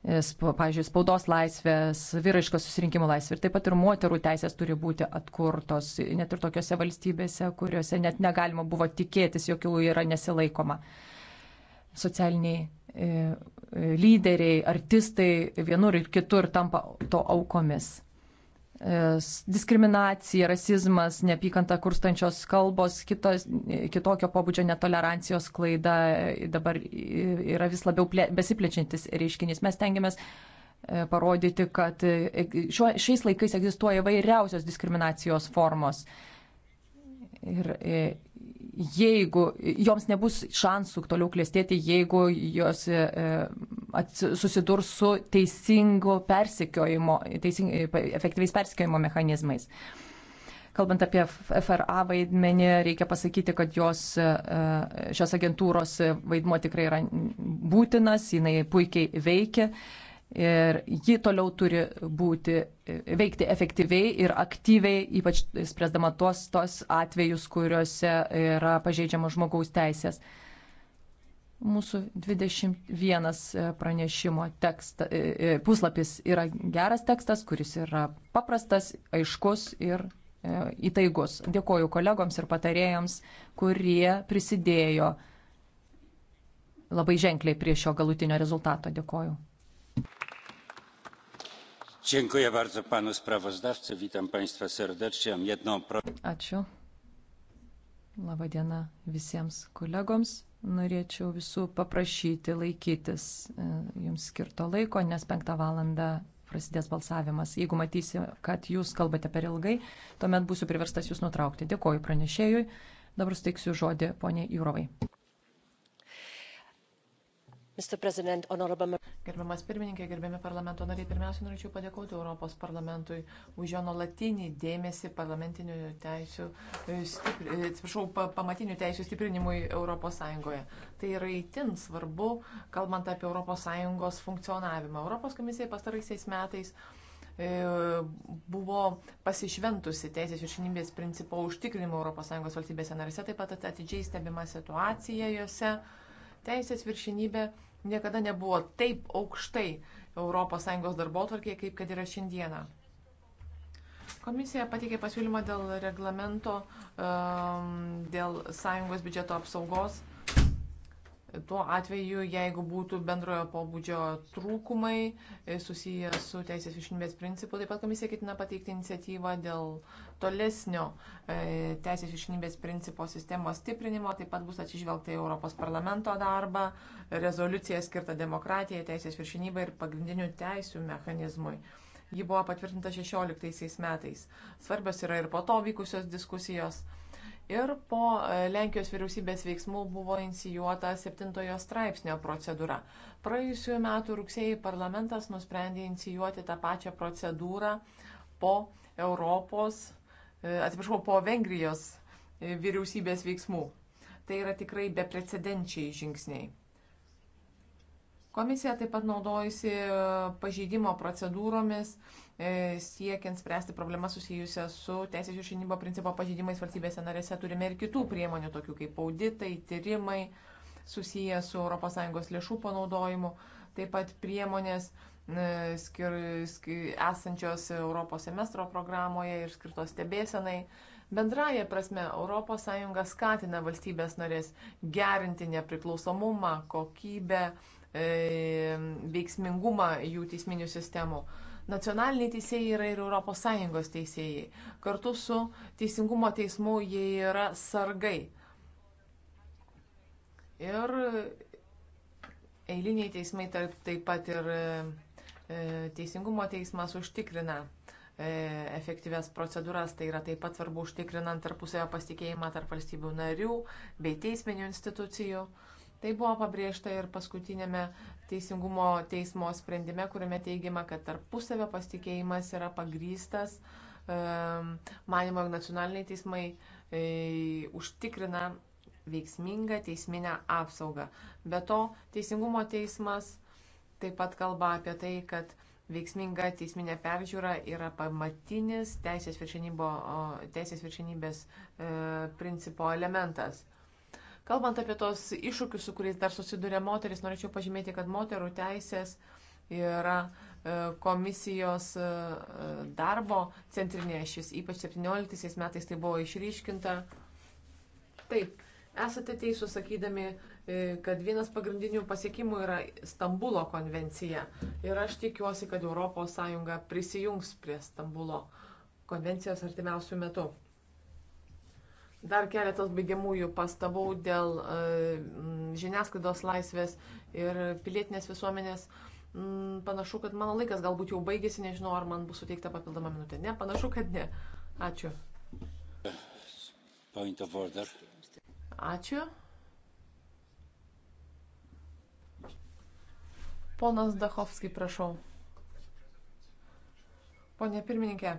E, pavyzdžiui, spaudos laisvės, vyraiškos susirinkimo laisvė ir taip pat ir moterų teisės turi būti atkurtos, net ir tokiose valstybėse, kuriuose net negalima buvo tikėtis, jokių yra nesilaikoma. Socialiniai e, e, lyderiai, artistai vienur ir kitur tampa to aukomis. E, diskriminacija, rasizmas, neapykanta kurstančios kalbos, kitos, kitokio pobūdžio netolerancijos klaida e, dabar yra vis labiau plė, besiplečiantis reiškinys. Mes tengiamės e, parodyti, kad šiuo, šiais laikais egzistuoja vairiausios diskriminacijos formos. Ir jeigu joms nebus šansų toliau klėstėti, jeigu jos e, susidurs su teisingo persikiojimo, teising, e, efektyviais persikiojimo mechanizmais. Kalbant apie FRA vaidmenį, reikia pasakyti, kad jos, e, šios agentūros vaidmuo tikrai yra būtinas, jinai puikiai veikia ir ji toliau turi būti, veikti efektyviai ir aktyviai, ypač spręsdama tos, tos atvejus, kuriuose yra pažeidžiama žmogaus teisės. Mūsų 21 pranešimo teksta, e, e, puslapis yra geras tekstas, kuris yra paprastas, aiškus ir e, įtaigus. Dėkoju kolegoms ir patarėjams, kurie prisidėjo labai ženkliai prie šio galutinio rezultato. Dėkoju. Dziękuję bardzo panu sprawozdawcy, witam państwa serdecznie. Jedną... Ačiū. Labą dieną visiems kolegoms. Norėčiau visų paprašyti laikytis e, jums skirto laiko, nes penktą valandą prasidės balsavimas. Jeigu matysiu, kad jūs kalbate per ilgai, tuomet būsiu priverstas jūs nutraukti. Dėkoju pranešėjui. Dabar steiksiu žodį poniai Jūrovai. Gerbiamas pirmininkė, gerbiami parlamento nariai, pirmiausia, norėčiau padėkoti Europos parlamentui už jo nuolatinį dėmesį parlamentinių teisių, e, stipri, e, atsiprašau, pa, pamatinių teisių stiprinimui ES. Tai yra įtin svarbu, kalbant apie ES funkcionavimą. Europos komisija pastaraisiais metais e, buvo pasišventusi teisės viršinybės principo užtikrinimo ES valstybėse narėse, taip pat atidžiai stebima situacija jose. Teisės viršinybė niekada nebuvo taip aukštai ES darbotvarkėje, kaip kad yra šiandieną. Komisija pateikė pasiūlymą dėl reglamento, ehm, dėl sąjungos biudžeto apsaugos tuo atveju, jeigu būtų bendrojo pobūdžio trūkumai e, susiję su teisės viršinybės principu, taip pat komisija ketina pateikti iniciatyvą dėl tolesnio e, teisės viršinybės principo sistemos stiprinimo, taip pat bus atsižvelgta į Europos parlamento darbą, rezoliuciją skirtą demokratijai, teisės viršinybę ir pagrindinių teisių mechanizmui. Ji buvo patvirtinta 16 metais. Svarbios yra ir po to vykusios diskusijos. Ir po e, Lenkijos vyriausybės veiksmų buvo inicijuota septintojo straipsnio procedūra. Praėjusiu metu rugsėjai parlamentas nusprendė inicijuoti tą pačią procedūrą po Europos, e, atsiprašau, po Vengrijos e, vyriausybės veiksmų. Tai yra tikrai beprecedenčiai žingsniai. Komisija taip pat naudojasi pažeidimo procedūromis E, siekiant spręsti problemas susijusias su teisės išinimo principo pažydimais valstybėse narėse, turime ir kitų priemonių, tokių kaip auditai, tyrimai susiję su ES lėšų panaudojimu, taip pat priemonės e, skir, skir, esančios Europos semestro programoje ir skirtos stebėsenai. Bendraja prasme, ES skatina valstybės narės gerinti nepriklausomumą, kokybę, e, veiksmingumą jų teisminių sistemų. E, Nacionaliniai teisėjai yra ir ES teisėjai. Kartu su teisingumo teismu jie yra sargai. Ir eiliniai teismai taip pat ir e, e, teisingumo teismas užtikrina e, efektyves procedūras, tai yra taip pat svarbu užtikrinant tarpusavio pasitikėjimą tarp valstybių narių bei teisminių institucijų. Tai buvo pabrėžta ir paskutinėme Teisingumo teismo sprendime, kuriame teigiama, kad tarpusavio pasitikėjimas yra pagrystas, manimo, jog nacionaliniai teismai e, užtikrina veiksmingą teisminę apsaugą. Be to, Teisingumo teismas taip pat kalba apie tai, kad veiksminga teisminė peržiūra yra pamatinis teisės, viršenybo, teisės viršenybės e, principo elementas. Kalbant apie tos iššūkius, su kuriais dar susiduria moteris, norėčiau pažymėti, kad moterų teisės yra e, komisijos e, darbo centrinė šis, ypač 17 metais tai buvo išryškinta. Taip, esate teisūs sakydami, e, kad vienas pagrindinių pasiekimų yra Stambulo konvencija. Ir aš tikiuosi, kad ES prisijungs prie Stambulo konvencijos artimiausių metų. Dar keletas baigiamųjų pastabų dėl e, žiniasklaidos laisvės ir pilietinės visuomenės. Mm, panašu, kad mano laikas galbūt jau baigėsi, nežinau, ar man bus suteikta papildoma minutė. Ne, panašu, kad ne. Ačiū. Point of order. Ačiū. Ponas Dachovskis, prašau. Pone pirmininkė.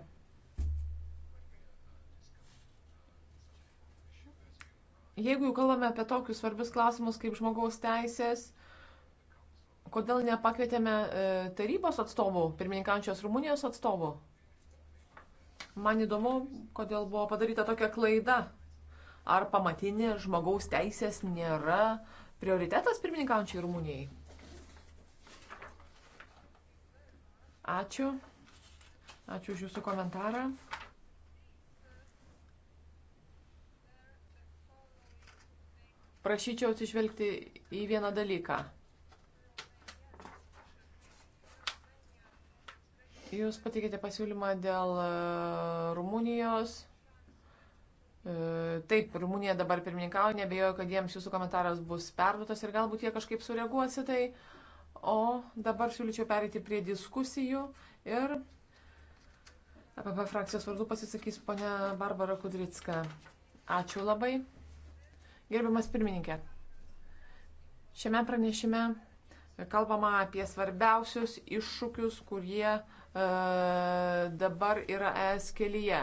Jeigu jau kalbame apie tokius svarbius klausimus kaip žmogaus teisės, kodėl nepakvietėme e, tarybos atstovų, pirmininkančios Rumunijos atstovų? Man įdomu, kodėl buvo padaryta tokia klaida. Ar pamatinė žmogaus teisės nėra prioritetas pirmininkaujančiai Rumunijai? Ačiū. Ačiū už Jūsų komentarą. prašyčiau atsižvelgti į vieną dalyką. Jūs pateikėte pasiūlymą dėl e, Rumunijos. E, taip, Rumunija dabar pirmininkauja, nebejoju, kad jiems jūsų komentaras bus perduotas ir galbūt jie kažkaip sureaguosi tai. O dabar siūlyčiau pereiti prie diskusijų ir apie frakcijos vardų pasisakys ponia Barbara Kudricka. Ačiū labai. Gerbiamas pirmininkė, šiame pranešime kalbama apie svarbiausius iššūkius, kurie e, dabar yra es kelyje.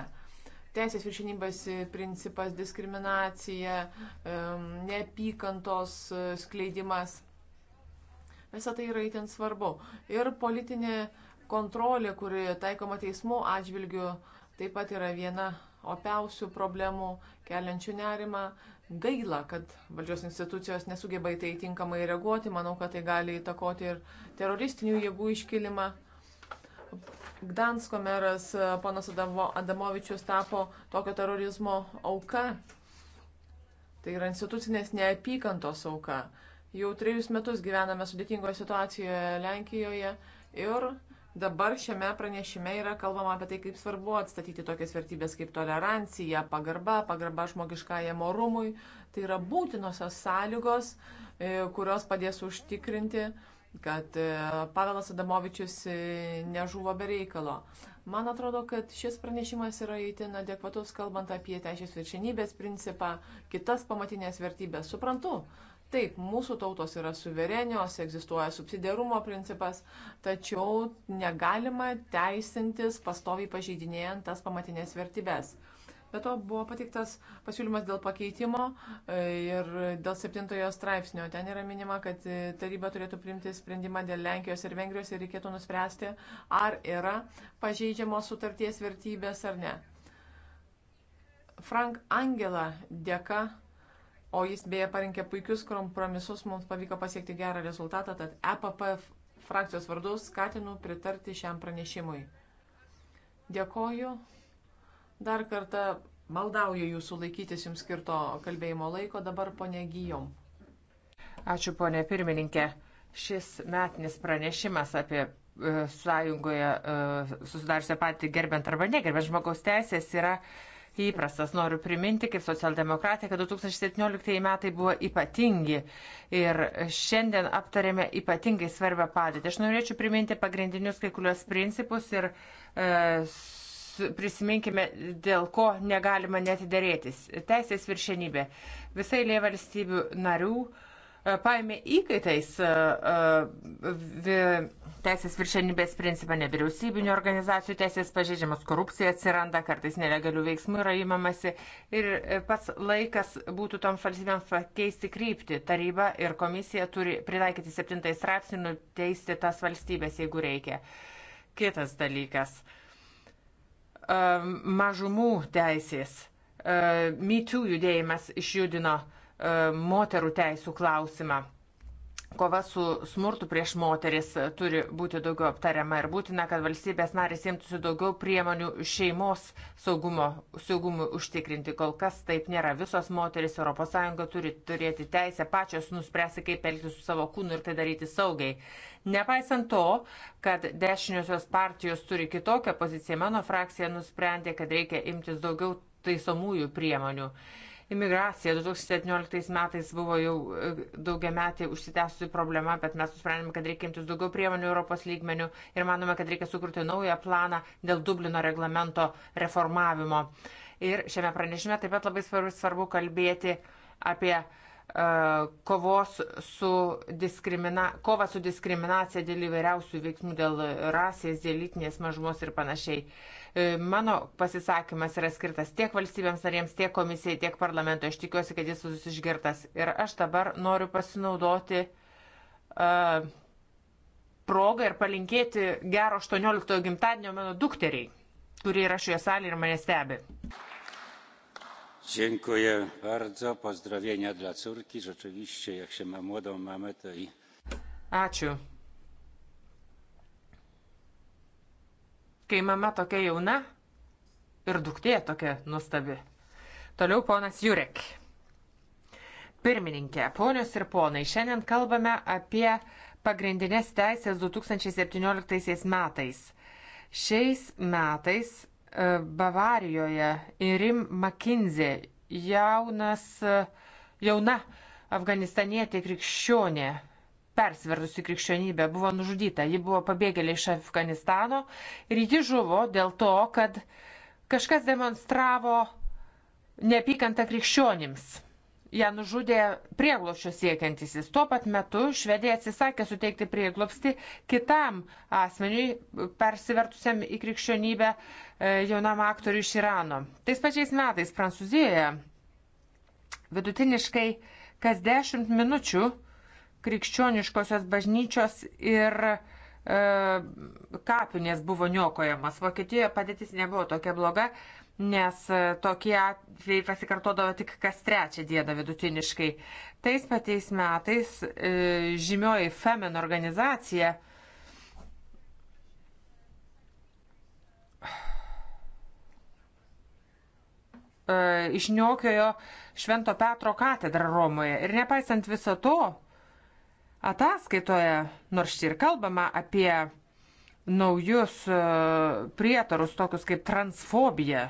Teisės viršinybės principas, diskriminacija, e, neapykantos e, skleidimas. Visą tai yra itin svarbu. Ir politinė kontrolė, kuri taikoma teismų atžvilgių, taip pat yra viena opiausių problemų, keliančių nerimą. Gaila, kad valdžios institucijos nesugeba į tai tinkamai reaguoti. Manau, kad tai gali įtakoti ir teroristinių jėgų iškilimą. Gdansko meras e, panas Adamovičius tapo tokio terorizmo auka. Tai yra institucinės neapykantos auka. Jau trejus metus gyvename sudėtingoje situacijoje Lenkijoje ir Dabar šiame pranešime yra kalbama apie tai, kaip svarbu atstatyti tokias vertybės kaip tolerancija, pagarba, pagarba žmogiškajam orumui. Tai yra būtinosios sąlygos, e, kurios padės užtikrinti, kad e, Pavelas Adamovičius e, nežuvo be reikalo. Man atrodo, kad šis pranešimas yra įtin adekvatus, kalbant apie teisės viršenybės principą, kitas pamatinės vertybės. Suprantu, Taip, mūsų tautos yra suverenios, egzistuoja subsidiarumo principas, tačiau negalima teisintis pastoviai pažeidinėjant tas pamatinės vertybės. Be to buvo pateiktas pasiūlymas dėl pakeitimo e, ir dėl septintojo straipsnio. Ten yra minima, kad e, taryba turėtų priimti sprendimą dėl Lenkijos ir Vengrijos ir reikėtų nuspręsti, ar yra pažeidžiamos sutarties vertybės ar ne. Frank Angela dėka o jis beje parinkė puikius kompromisus, mums pavyko pasiekti gerą rezultatą, tad EPP frakcijos vardu skatinu pritarti šiam pranešimui. Dėkoju. Dar kartą maldauju jūsų laikytis jums skirto kalbėjimo laiko, dabar ponė Gijom. Ačiū ponė pirmininkė. Šis metinis pranešimas apie e, sąjungoje e, susidariusią patį gerbent arba negerbent žmogaus teisės yra uh, įprastas. Noriu priminti, kaip socialdemokratė, kad 2017 metai buvo ypatingi ir šiandien aptarėme ypatingai svarbę padėtį. Aš norėčiau priminti pagrindinius kai kurios principus ir e, prisiminkime, dėl ko negalima netiderėtis. Teisės viršenybė. Visai lė valstybių narių. E, paėmė įkaitais e, e, teisės viršenybės principą nevyriausybinio organizacijų teisės pažeidžiamas, korupcija atsiranda, kartais nelegalių veiksmų yra įmamasi ir e, pats laikas būtų toms valstybėms pakeisti kryptį. Taryba ir komisija turi pritaikyti septintai straipsnį, nuteisti tas valstybės, jeigu reikia. Kitas dalykas - mažumų teisės. MeToo judėjimas išjudino uh, E, moterų teisų klausimą. Kova su smurtu prieš moteris turi būti daugiau aptariama ir būtina, kad valstybės narės imtųsi daugiau priemonių šeimos saugumo, saugumui užtikrinti. Kol kas taip nėra. Visos moteris ES turi turėti teisę pačios nuspręsti, kaip elgtis su savo kūnu ir tai daryti saugiai. Nepaisant to, kad dešiniosios partijos turi kitokią poziciją, mano frakcija nusprendė, kad reikia imtis daugiau taisomųjų priemonių. Uh, Imigracija 2017 metais buvo jau e, daugia metai užsitęsusi problema, bet mes nusprendėme, kad reikia imtis daugiau priemonių Europos lygmenių ir manome, kad reikia sukurti naują planą dėl Dublino reglamento reformavimo. Ir šiame pranešime taip pat labai svarbu, svarbu kalbėti apie e, kovos su, diskrimina, kova su diskriminacija dėl įvairiausių veiksmų, dėl rasės, dėl lytinės mažumos ir panašiai. Uh, E, mano pasisakymas yra skirtas tiek valstybėms narėms, tiek komisijai, tiek parlamentui. Aš tikiuosi, kad jis bus išgirtas. Ir aš dabar noriu pasinaudoti uh, progą ir palinkėti gero 18 gimtadienio mano dukteriai, kuri yra šioje salėje ir mane stebi. Dziękuję bardzo. Pozdrowienia dla córki. Rzeczywiście, jak się ma młodą mamę, to i. Ačiū. kai mama tokia jauna ir duktė tokia nuostabi. Toliau ponas Jurek. Pirmininkė, ponios ir ponai, šiandien kalbame apie pagrindinės teisės 2017 metais. Šiais metais e, Bavarijoje Irim McKinsey jaunas, e, jauna afganistanietė krikščionė persvertusi krikščionybę, buvo nužudyta. Ji buvo pabėgėlė iš Afganistano ir ji žuvo dėl to, kad kažkas demonstravo neapykantą krikščionims. Ja nužudė prieglopščio siekiantisis. Tuo pat metu Švedija atsisakė suteikti prieglopsti kitam asmeniui, persivertusiam į krikščionybę e, jaunam aktoriui iš Irano. Tais pačiais metais Prancūzijoje vidutiniškai kas dešimt minučių krikščioniškosios bažnyčios ir e, kapinės buvo niokojamos. Vokietijoje padėtis nebuvo tokia bloga, nes e, tokie atvejai pasikartodavo tik kas trečią dieną vidutiniškai. Tais patais metais e, žymioji Femen organizacija e, išniokojo Švento Petro katedrą Romoje. Ir nepaisant viso to, Ataskaitoje, nors ir kalbama apie naujus e, prietarus, tokius kaip transfobija,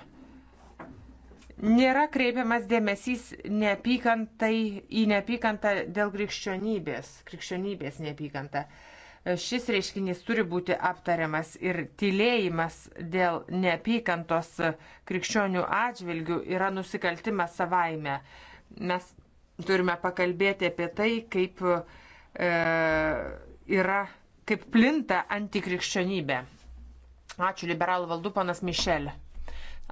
nėra kreipiamas dėmesys neapykantai į neapykantą dėl krikščionybės, krikščionybės neapykantą. E, šis reiškinys turi būti aptariamas ir tylėjimas dėl neapykantos krikščionių atžvilgių yra nusikaltimas savaime. Mes turime pakalbėti apie tai, kaip uh, E, yra, kaip plinta antikrikščionybė. Ačiū liberalų valdu, panas Mišel.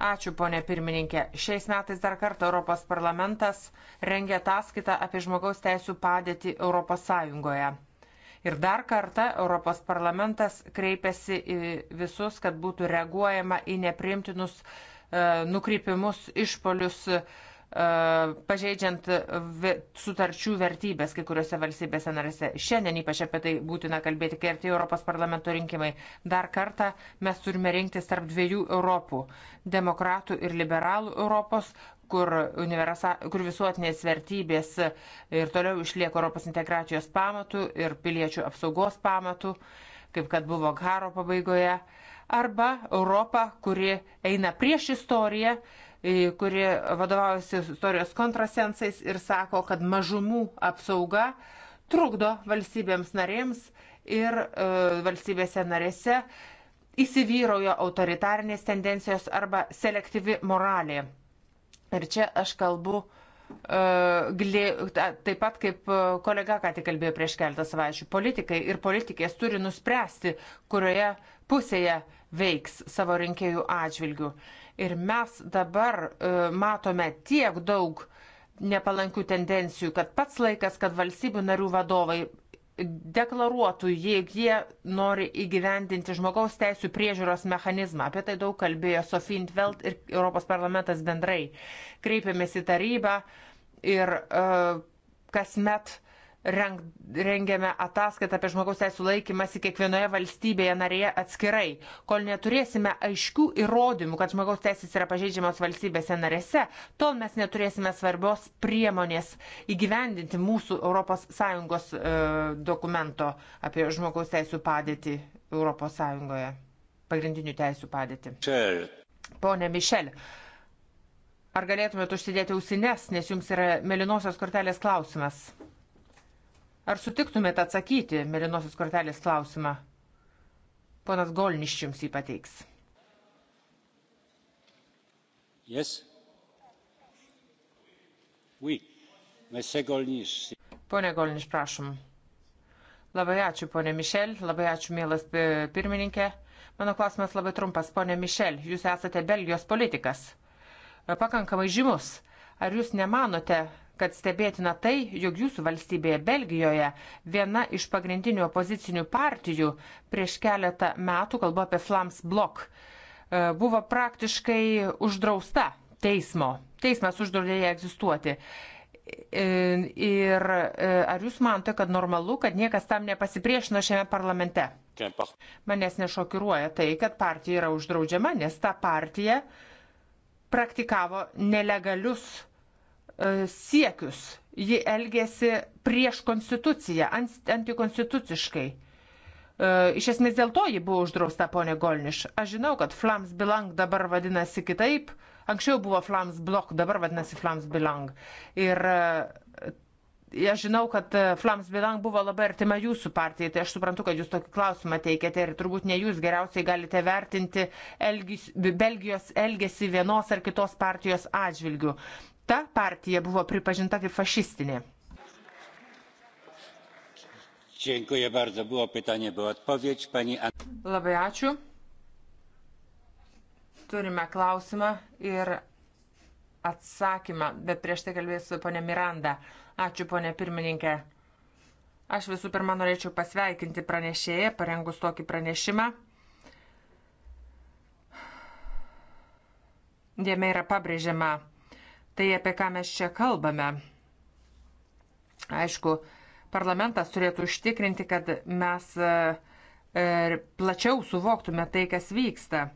Ačiū, ponė pirmininkė. Šiais metais dar kartą Europos parlamentas rengia ataskaitą apie žmogaus teisų padėtį Europos Sąjungoje. Ir dar kartą Europos parlamentas kreipiasi į visus, kad būtų reaguojama į neprimtinus e, nukrypimus, išpolius, uh, pažeidžiant sutarčių vertybės kai kuriuose valstybėse narėse. Šiandien ypač apie tai būtina kalbėti, kai artėja Europos parlamento rinkimai. Dar kartą mes turime rinktis tarp dviejų Europų - demokratų ir liberalų Europos, kur, universa, kur visuotinės vertybės ir toliau išlieka Europos integracijos pamatų ir piliečių apsaugos pamatų, kaip kad buvo karo pabaigoje. Arba Europa, kuri eina prieš istoriją kuri vadovaujasi istorijos kontrasensais ir sako, kad mažumų apsauga trukdo valstybėms narėms ir e, valstybėse narėse įsivyrojo autoritarnės tendencijos arba selektyvi moralė. Ir čia aš kalbu e, taip pat kaip kolega ką tik kalbėjo prieš keletą savaičių, politikai ir politikės turi nuspręsti, kurioje pusėje veiks savo rinkėjų atžvilgių. Uh, Ir mes dabar e, matome tiek daug nepalankių tendencijų, kad pats laikas, kad valstybių narių vadovai deklaruotų, jeigu jie nori įgyvendinti žmogaus teisų priežiūros mechanizmą. Apie tai daug kalbėjo Sofie Intveld ir Europos parlamentas bendrai. Kreipėmės į tarybą ir uh, kasmet uh, rengiame ataskaitą apie žmogaus teisų laikymasi kiekvienoje valstybėje narėje atskirai. Kol neturėsime aiškių įrodymų, kad žmogaus teisės yra pažeidžiamos valstybėse narėse, tol mes neturėsime svarbios priemonės įgyvendinti mūsų ES e, dokumento apie žmogaus teisų padėtį ES, pagrindinių teisų padėtį. Pone Mišel, ar galėtumėte užsidėti ausines, nes jums yra melinosios kortelės klausimas? Ar sutiktumėte atsakyti mėlynosios kortelės klausimą? Ponas Golniš jums jį pateiks. Yes. Oui. Golniš. Pone Golniš, prašom. Labai ačiū, ponė Mišel, labai ačiū, mielas e, pirmininkė. Mano klausimas labai trumpas, ponė Mišel, jūs esate Belgijos politikas. E, pakankamai žymus. Ar jūs nemanote, kad stebėtina tai, jog jūsų valstybėje Belgijoje viena iš pagrindinių opozicinių partijų prieš keletą metų, kalbu apie Flams Blok, e, buvo praktiškai uždrausta teismo. Teismas uždraudė ją egzistuoti. E, ir e, ar jūs manote, kad normalu, kad niekas tam nepasipriešino šiame parlamente? Manęs nešokiruoja tai, kad partija yra uždraudžiama, nes ta partija praktikavo nelegalius E, siekius. Ji elgėsi prieš konstituciją, antikonstituciškai. E, iš esmės dėl to ji buvo uždrausta, ponė Golniš. Aš žinau, kad Flams Bilang dabar vadinasi kitaip. Anksčiau buvo Flams Blok, dabar vadinasi Flams Bilang. Ir e, aš žinau, kad Flams Bilang buvo labai artima jūsų partijai, tai aš suprantu, kad jūs tokį klausimą teikiate ir turbūt ne jūs geriausiai galite vertinti Elgis, Belgijos elgesį vienos ar kitos partijos atžvilgių ta partija buvo pripažinta kaip fašistinė. Dziękuję bardzo. Było pytanie, była odpowiedź. Pani... Labai ačiū. Turime klausimą ir atsakymą, bet prieš tai kalbėsiu ponė Miranda. Ačiū ponė pirmininkė. Aš visų pirma norėčiau pasveikinti pranešėją, parengus tokį pranešimą. Dėme yra pabrėžiama tai, apie ką mes čia kalbame. Aišku, parlamentas turėtų užtikrinti, kad mes e, e, plačiau suvoktume tai, kas vyksta.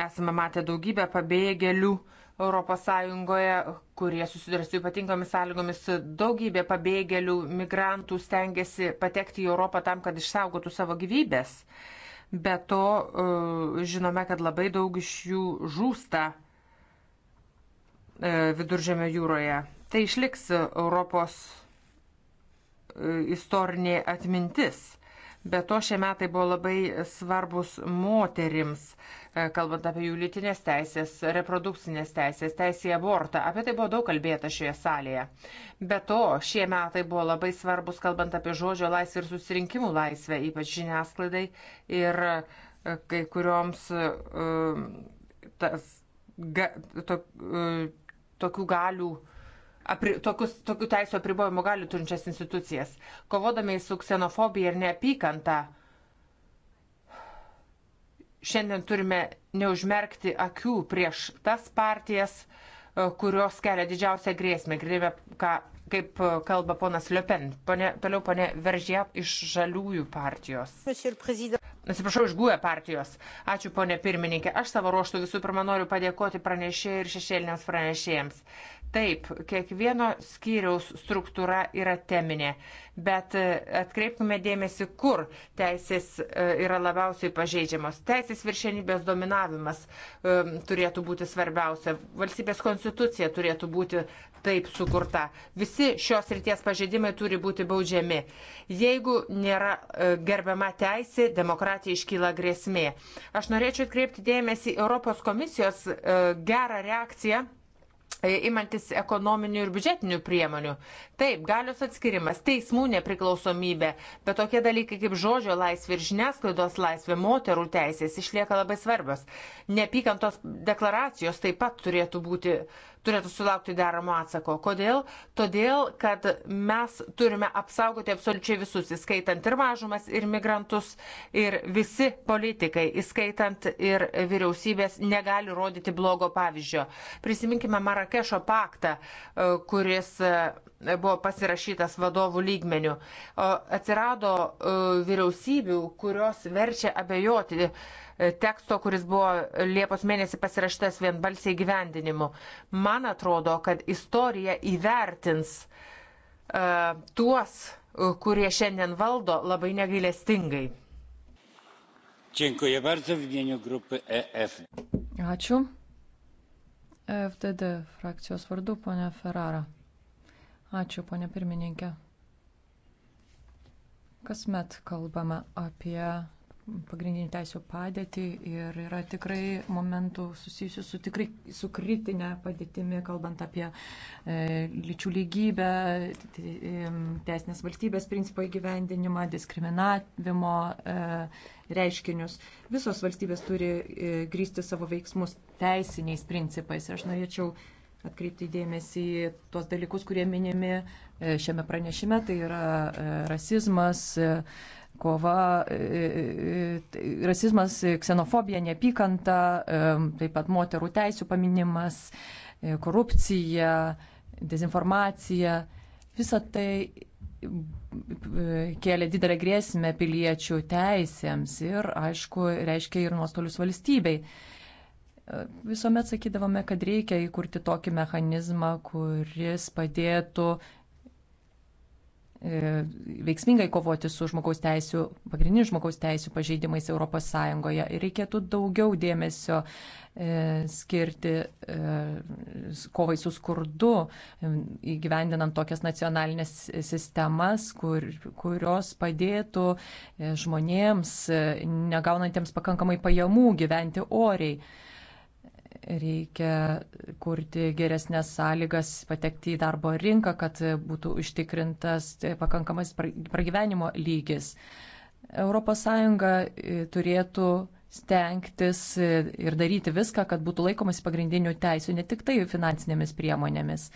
Esame matę daugybę pabėgėlių ES, kurie susiduria su ypatingomis sąlygomis. Daugybė pabėgėlių, migrantų stengiasi patekti į Europą tam, kad išsaugotų savo gyvybės. Be to, e, žinome, kad labai daug iš jų žūsta E, viduržėmio jūroje. Tai išliks Europos e, istorinė atmintis. Be to šie metai buvo labai svarbus moterims, e, kalbant apie jų lytinės teisės, reprodukcinės teisės, teisė į abortą. Apie tai buvo daug kalbėta šioje salėje. Be to šie metai buvo labai svarbus, kalbant apie žodžio laisvę ir susirinkimų laisvę, ypač žiniasklaidai ir kai kurioms tas, ga, to, tokių galių apri, tokius, tokių teisų apribojimų gali turinčias institucijas. Kovodami su ksenofobija ir neapykanta, šiandien turime neužmerkti akių prieš tas partijas, e, kurios kelia didžiausią grėsmę. Girdėjome, kaip e, kalba ponas Liopen. Pone, toliau pone Veržė iš Žaliųjų partijos. Atsiprašau, iš GUE partijos. Ačiū, ponė pirmininkė. Aš savo ruoštų visų pirma noriu padėkoti pranešėjai ir šešėliniams pranešėjams. Taip, kiekvieno skyriaus struktūra yra teminė bet e, atkreiptume dėmesį, kur teisės e, yra labiausiai pažeidžiamos. Teisės viršenybės dominavimas e, turėtų būti svarbiausia. Valstybės konstitucija turėtų būti taip sukurta. Visi šios ryties pažeidimai turi būti baudžiami. Jeigu nėra gerbiama teisė, demokratija iškyla grėsmė. Aš norėčiau atkreipti dėmesį Europos komisijos gerą reakciją E, imantis ekonominių ir biudžetinių priemonių. Taip, galios atskirimas, teismų nepriklausomybė, bet tokie dalykai kaip žodžio laisvė ir žiniasklaidos laisvė, moterų teisės išlieka labai svarbios. Nepykantos deklaracijos taip pat turėtų būti turėtų sulaukti deramo atsako. Kodėl? Todėl, kad mes turime apsaugoti absoliučiai visus, įskaitant ir mažumas, ir migrantus, ir visi politikai, įskaitant ir vyriausybės, negali rodyti blogo pavyzdžio. Prisiminkime Marakešo paktą, e, kuris e, buvo pasirašytas vadovų lygmenių. E, atsirado vyriausybių, kurios verčia abejoti teksto, kuris buvo Liepos mėnesį pasirašytas vienbalsiai gyvendinimu. Man atrodo, kad istorija įvertins uh, tuos, kurie šiandien valdo labai negailestingai. Dziękuję bardzo w imieniu grupy EF. Ačiū. E FDD frakcijos vardu, ponia Ferrara. Ačiū, ponia pirmininkė. Kasmet kalbame apie pagrindinių teisų padėtį ir yra tikrai momentų susijusių su, tikrai, su kritinė padėtimi, kalbant apie e, lyčių lygybę, e, teisinės valstybės principo įgyvendinimą, diskriminavimo e, reiškinius. Visos valstybės turi e, grįsti savo veiksmus teisiniais principais. Aš norėčiau atkreipti dėmesį į tuos dalykus, kurie minimi e, šiame pranešime, tai yra e, rasizmas, kova, e, e, e, rasizmas, ksenofobija, neapykanta, taip pat moterų teisų paminimas, korupcija, dezinformacija. Visa tai kėlė didelę grėsmę piliečių teisėms ir, aišku, reiškia ir nuostolius valstybei. Visuomet sakydavome, kad reikia įkurti tokį mechanizmą, kuris padėtų E, veiksmingai kovoti su žmogaus teisų, pagrindinių žmogaus teisų pažeidimais ES. Reikėtų daugiau dėmesio e, skirti e, kovai su skurdu, įgyvendinant tokias nacionalinės sistemas, kur, kurios padėtų žmonėms, negaunantiems pakankamai pajamų, gyventi oriai reikia kurti geresnės sąlygas patekti į darbo rinką, kad būtų užtikrintas pakankamas pragyvenimo lygis. ES e, turėtų stengtis e, ir daryti viską, kad būtų laikomasi pagrindinių teisų, ne tik tai finansinėmis priemonėmis.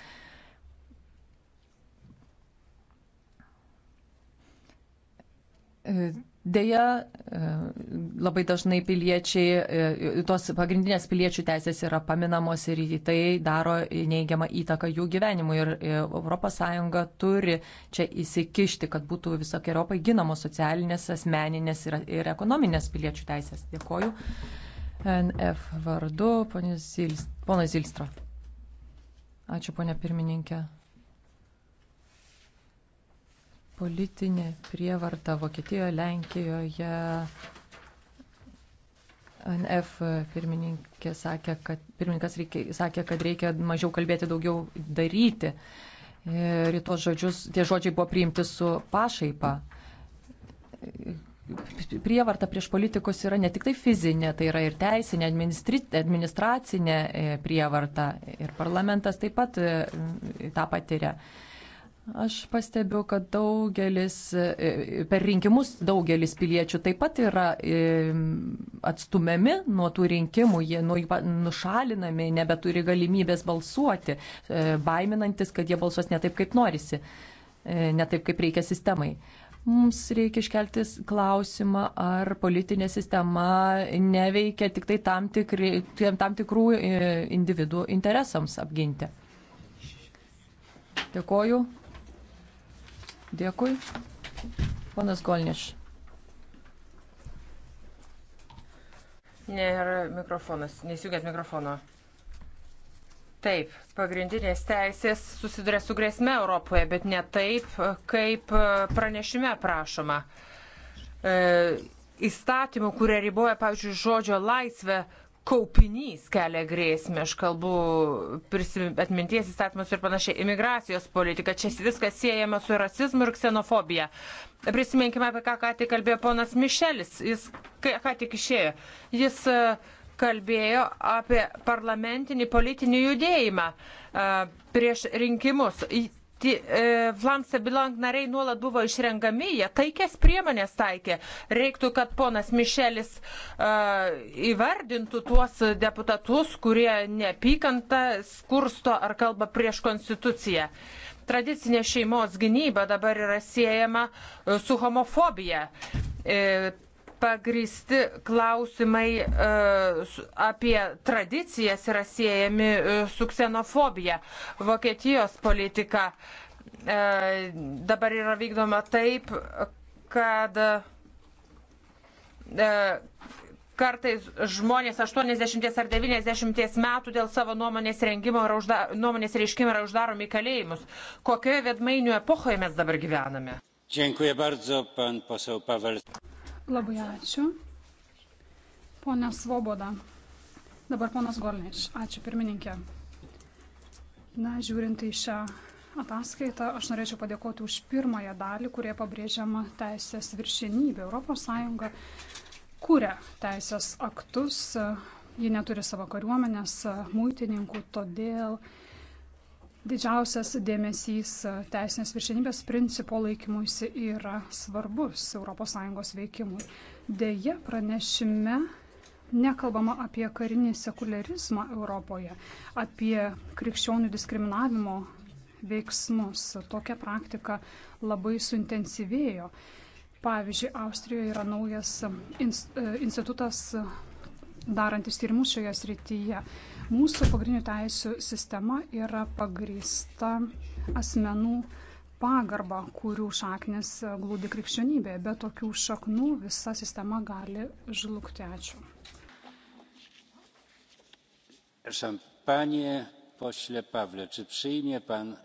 E, Deja, e, labai dažnai piliečiai, e, tos pagrindinės piliečių teisės yra paminamos ir į tai daro neigiamą įtaką jų gyvenimui. Ir ES turi čia įsikišti, kad būtų visokiojopai ginamos socialinės, asmeninės ir, ir ekonominės piliečių teisės. Dėkoju. NF vardu, ponas Zilstro. Ačiū, ponė pirmininkė politinė prievarta Vokietijoje, Lenkijoje. NF pirmininkė sakė, kad, pirmininkas reikia, sakė, kad reikia mažiau kalbėti, daugiau daryti. Ir tos žodžius, tie žodžiai buvo priimti su pašaipa. Prievarta prieš politikus yra ne tik tai fizinė, tai yra ir teisinė, administracinė e, prievarta. Ir parlamentas taip pat e, tą patiria. Aš pastebiu, kad daugelis, e, per rinkimus daugelis piliečių taip pat yra e, atstumiami nuo tų rinkimų, jie nušalinami, nebeturi galimybės balsuoti, e, baiminantis, kad jie balsuos ne taip, kaip norisi, ne taip, kaip reikia sistemai mums reikia iškelti klausimą, ar politinė sistema neveikia tik tai tam, tikri, tam tikrų individų interesams apginti. Dėkoju. Dėkui. Ponas Golniš. Ir mikrofonas, nesijungėt mikrofono. Taip, pagrindinės teisės susiduria su grėsme Europoje, bet ne taip, kaip e, pranešime prašoma. E, įstatymų, kurie riboja, pavyzdžiui, žodžio laisvę, e, kaupinys kelia grėsmę, aš kalbu atminties įstatymus ir panašiai, imigracijos politika, čia viskas siejama su rasizmu ir ksenofobija. Prisiminkime, apie ką ką tik kalbėjo ponas Mišelis, jis ką tik išėjo. Jis e, kalbėjo apie parlamentinį politinį judėjimą e, prieš rinkimus. E, Vlamsa Bilang nariai nuolat buvo išrengami, jie taikės priemonės taikė. Reiktų, kad ponas Mišelis uh, įvardintų tuos deputatus, kurie neapykantą skursto ar kalba prieš konstituciją. Tradicinė šeimos gynyba dabar yra siejama e, su homofobija. E, pagristi klausimai e, apie tradicijas yra siejami e, su ksenofobija. Vokietijos politika e, dabar yra vykdoma taip, kad kartais žmonės 80 ar 90 metų dėl savo nuomonės, užda, nuomonės reiškimo yra uždaromi į kalėjimus. Kokioje vedmainių epochoje mes dabar gyvename? Dziękuję bardzo, pan poseł Paweł. Labai ačiū. Pone Svoboda. Dabar ponas Golnič. Ačiū pirmininkė. Na, žiūrint į šią ataskaitą, aš norėčiau padėkoti už pirmąją dalį, kurie pabrėžiama teisės viršienybė. ES kūrė teisės aktus, ji neturi savo kariuomenės, muitininkų, todėl uh, Didžiausias dėmesys e, teisinės viršenybės principo laikymuisi yra svarbus ES veikimui. Deja, pranešime nekalbama apie karinį sekularizmą Europoje, apie krikščionių diskriminavimo veiksmus. Tokia praktika labai suintensyvėjo. Pavyzdžiui, Austrijoje yra naujas e, institutas darantis tyrimus šioje srityje Mūsų pagrindinių teisų sistema yra pagrįsta asmenų pagarba, kurių šaknis glūdi krikščionybėje. Be tokių šaknų visa sistema gali žlugti. Ačiū. Proszę panie pośle Pawle, czy przyjmie pan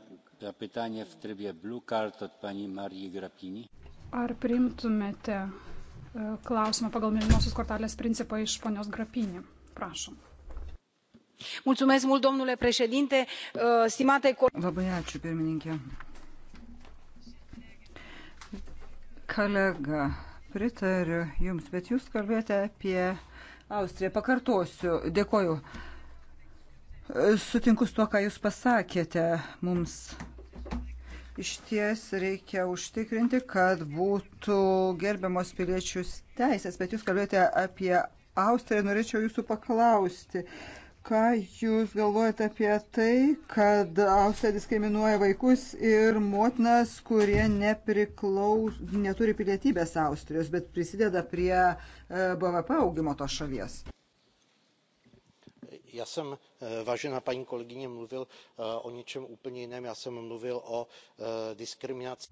zapytanie w trybie blue card od pani Marii Grapini? Ar priimtumėte e, klausimą pagal mėlynosios kortelės principą iš ponios Grapini? Prašom domnule președinte uh, stimate kolege kolega pritariu jums bet jūs kalbėjote apie austriją pakartosiu dėkoju sutinku su tuo ką jūs pasakėte mums išties reikia užtikrinti kad būtų gerbiamos piliečių teisės bet jūs kalbėjote apie austriją norėčiau jūsų paklausti Ką Jūs galvojate apie tai, kad Austrija diskriminuoja vaikus ir motinas, kurie nepriklaus, neturi pilietybės Austrijos, bet prisideda prie e, BVP augimo tos šalies? já jsem e, vážená paní kolegyně mluvil e, o něčem úplně jiném já jsem mluvil o diskriminaci.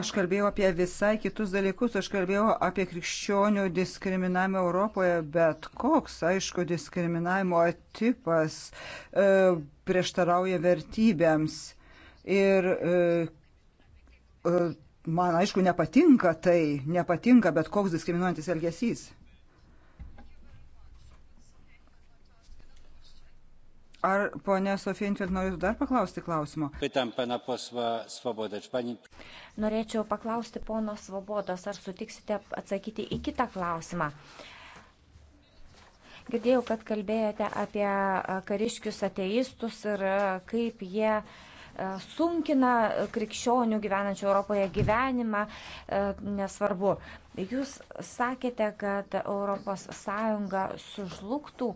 Aš kalbėjau apie visai kitus dalykus, aš kalbėjau apie krikščionių diskriminavimą Europoje, bet koks, aišku, diskriminavimo tipas e, prieštarauja vertybėms. Ir e, e, man, aišku, nepatinka tai, nepatinka bet koks diskriminuojantis elgesys. Ar ponia Sofija Intvert norėtų dar paklausti klausimo? Pitam pana posva Svoboda. Pani... Norėčiau paklausti pono Svobodas, ar sutiksite atsakyti į kitą klausimą. Girdėjau, kad kalbėjote apie kariškius ateistus ir kaip jie sunkina krikščionių gyvenančių Europoje gyvenimą, nesvarbu. Jūs sakėte, kad ES sužlugtų,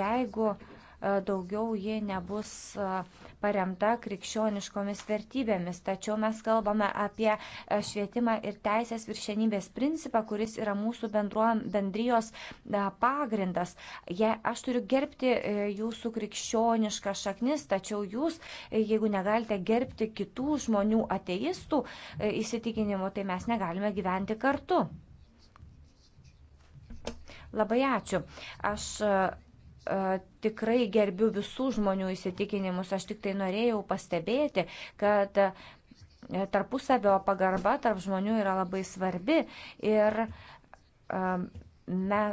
jeigu uh, E, daugiau ji nebus e, paremta krikščioniškomis vertybėmis. Tačiau mes kalbame apie e, švietimą ir teisės viršenybės principą, kuris yra mūsų bendruom, bendrijos pagrindas. Je, aš turiu gerbti jūsų krikščionišką šaknis, tačiau jūs, jeigu negalite gerbti kitų žmonių ateistų įsitikinimų, tai mes negalime gyventi kartu. Labai ačiū. Aš tikrai gerbiu visų žmonių įsitikinimus, aš tik tai norėjau pastebėti, kad tarpusavio pagarba tarp žmonių yra labai svarbi ir me, e,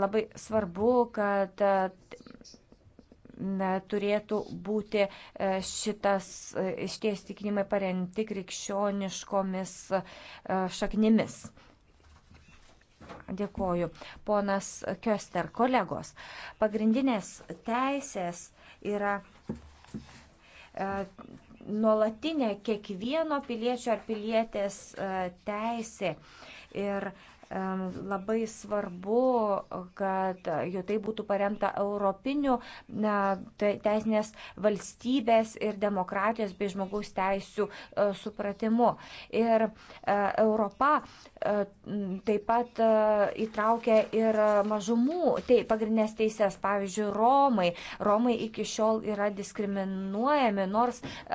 labai svarbu, kad turėtų būti e, šitas e, šitie įsitikinimai paremti krikščioniškomis šaknimis. Dėkoju. Ponas Köster, kolegos, pagrindinės teisės yra e, nuolatinė kiekvieno piliečio ar pilietės e, teisė. Ir Labai svarbu, kad jų tai būtų paremta europinių teisinės valstybės ir demokratijos bei žmogaus teisų e, supratimu. Ir e, Europa e, taip pat įtraukia ir mažumų, tai pagrindinės teisės, pavyzdžiui, Romai. Romai iki šiol yra diskriminuojami, nors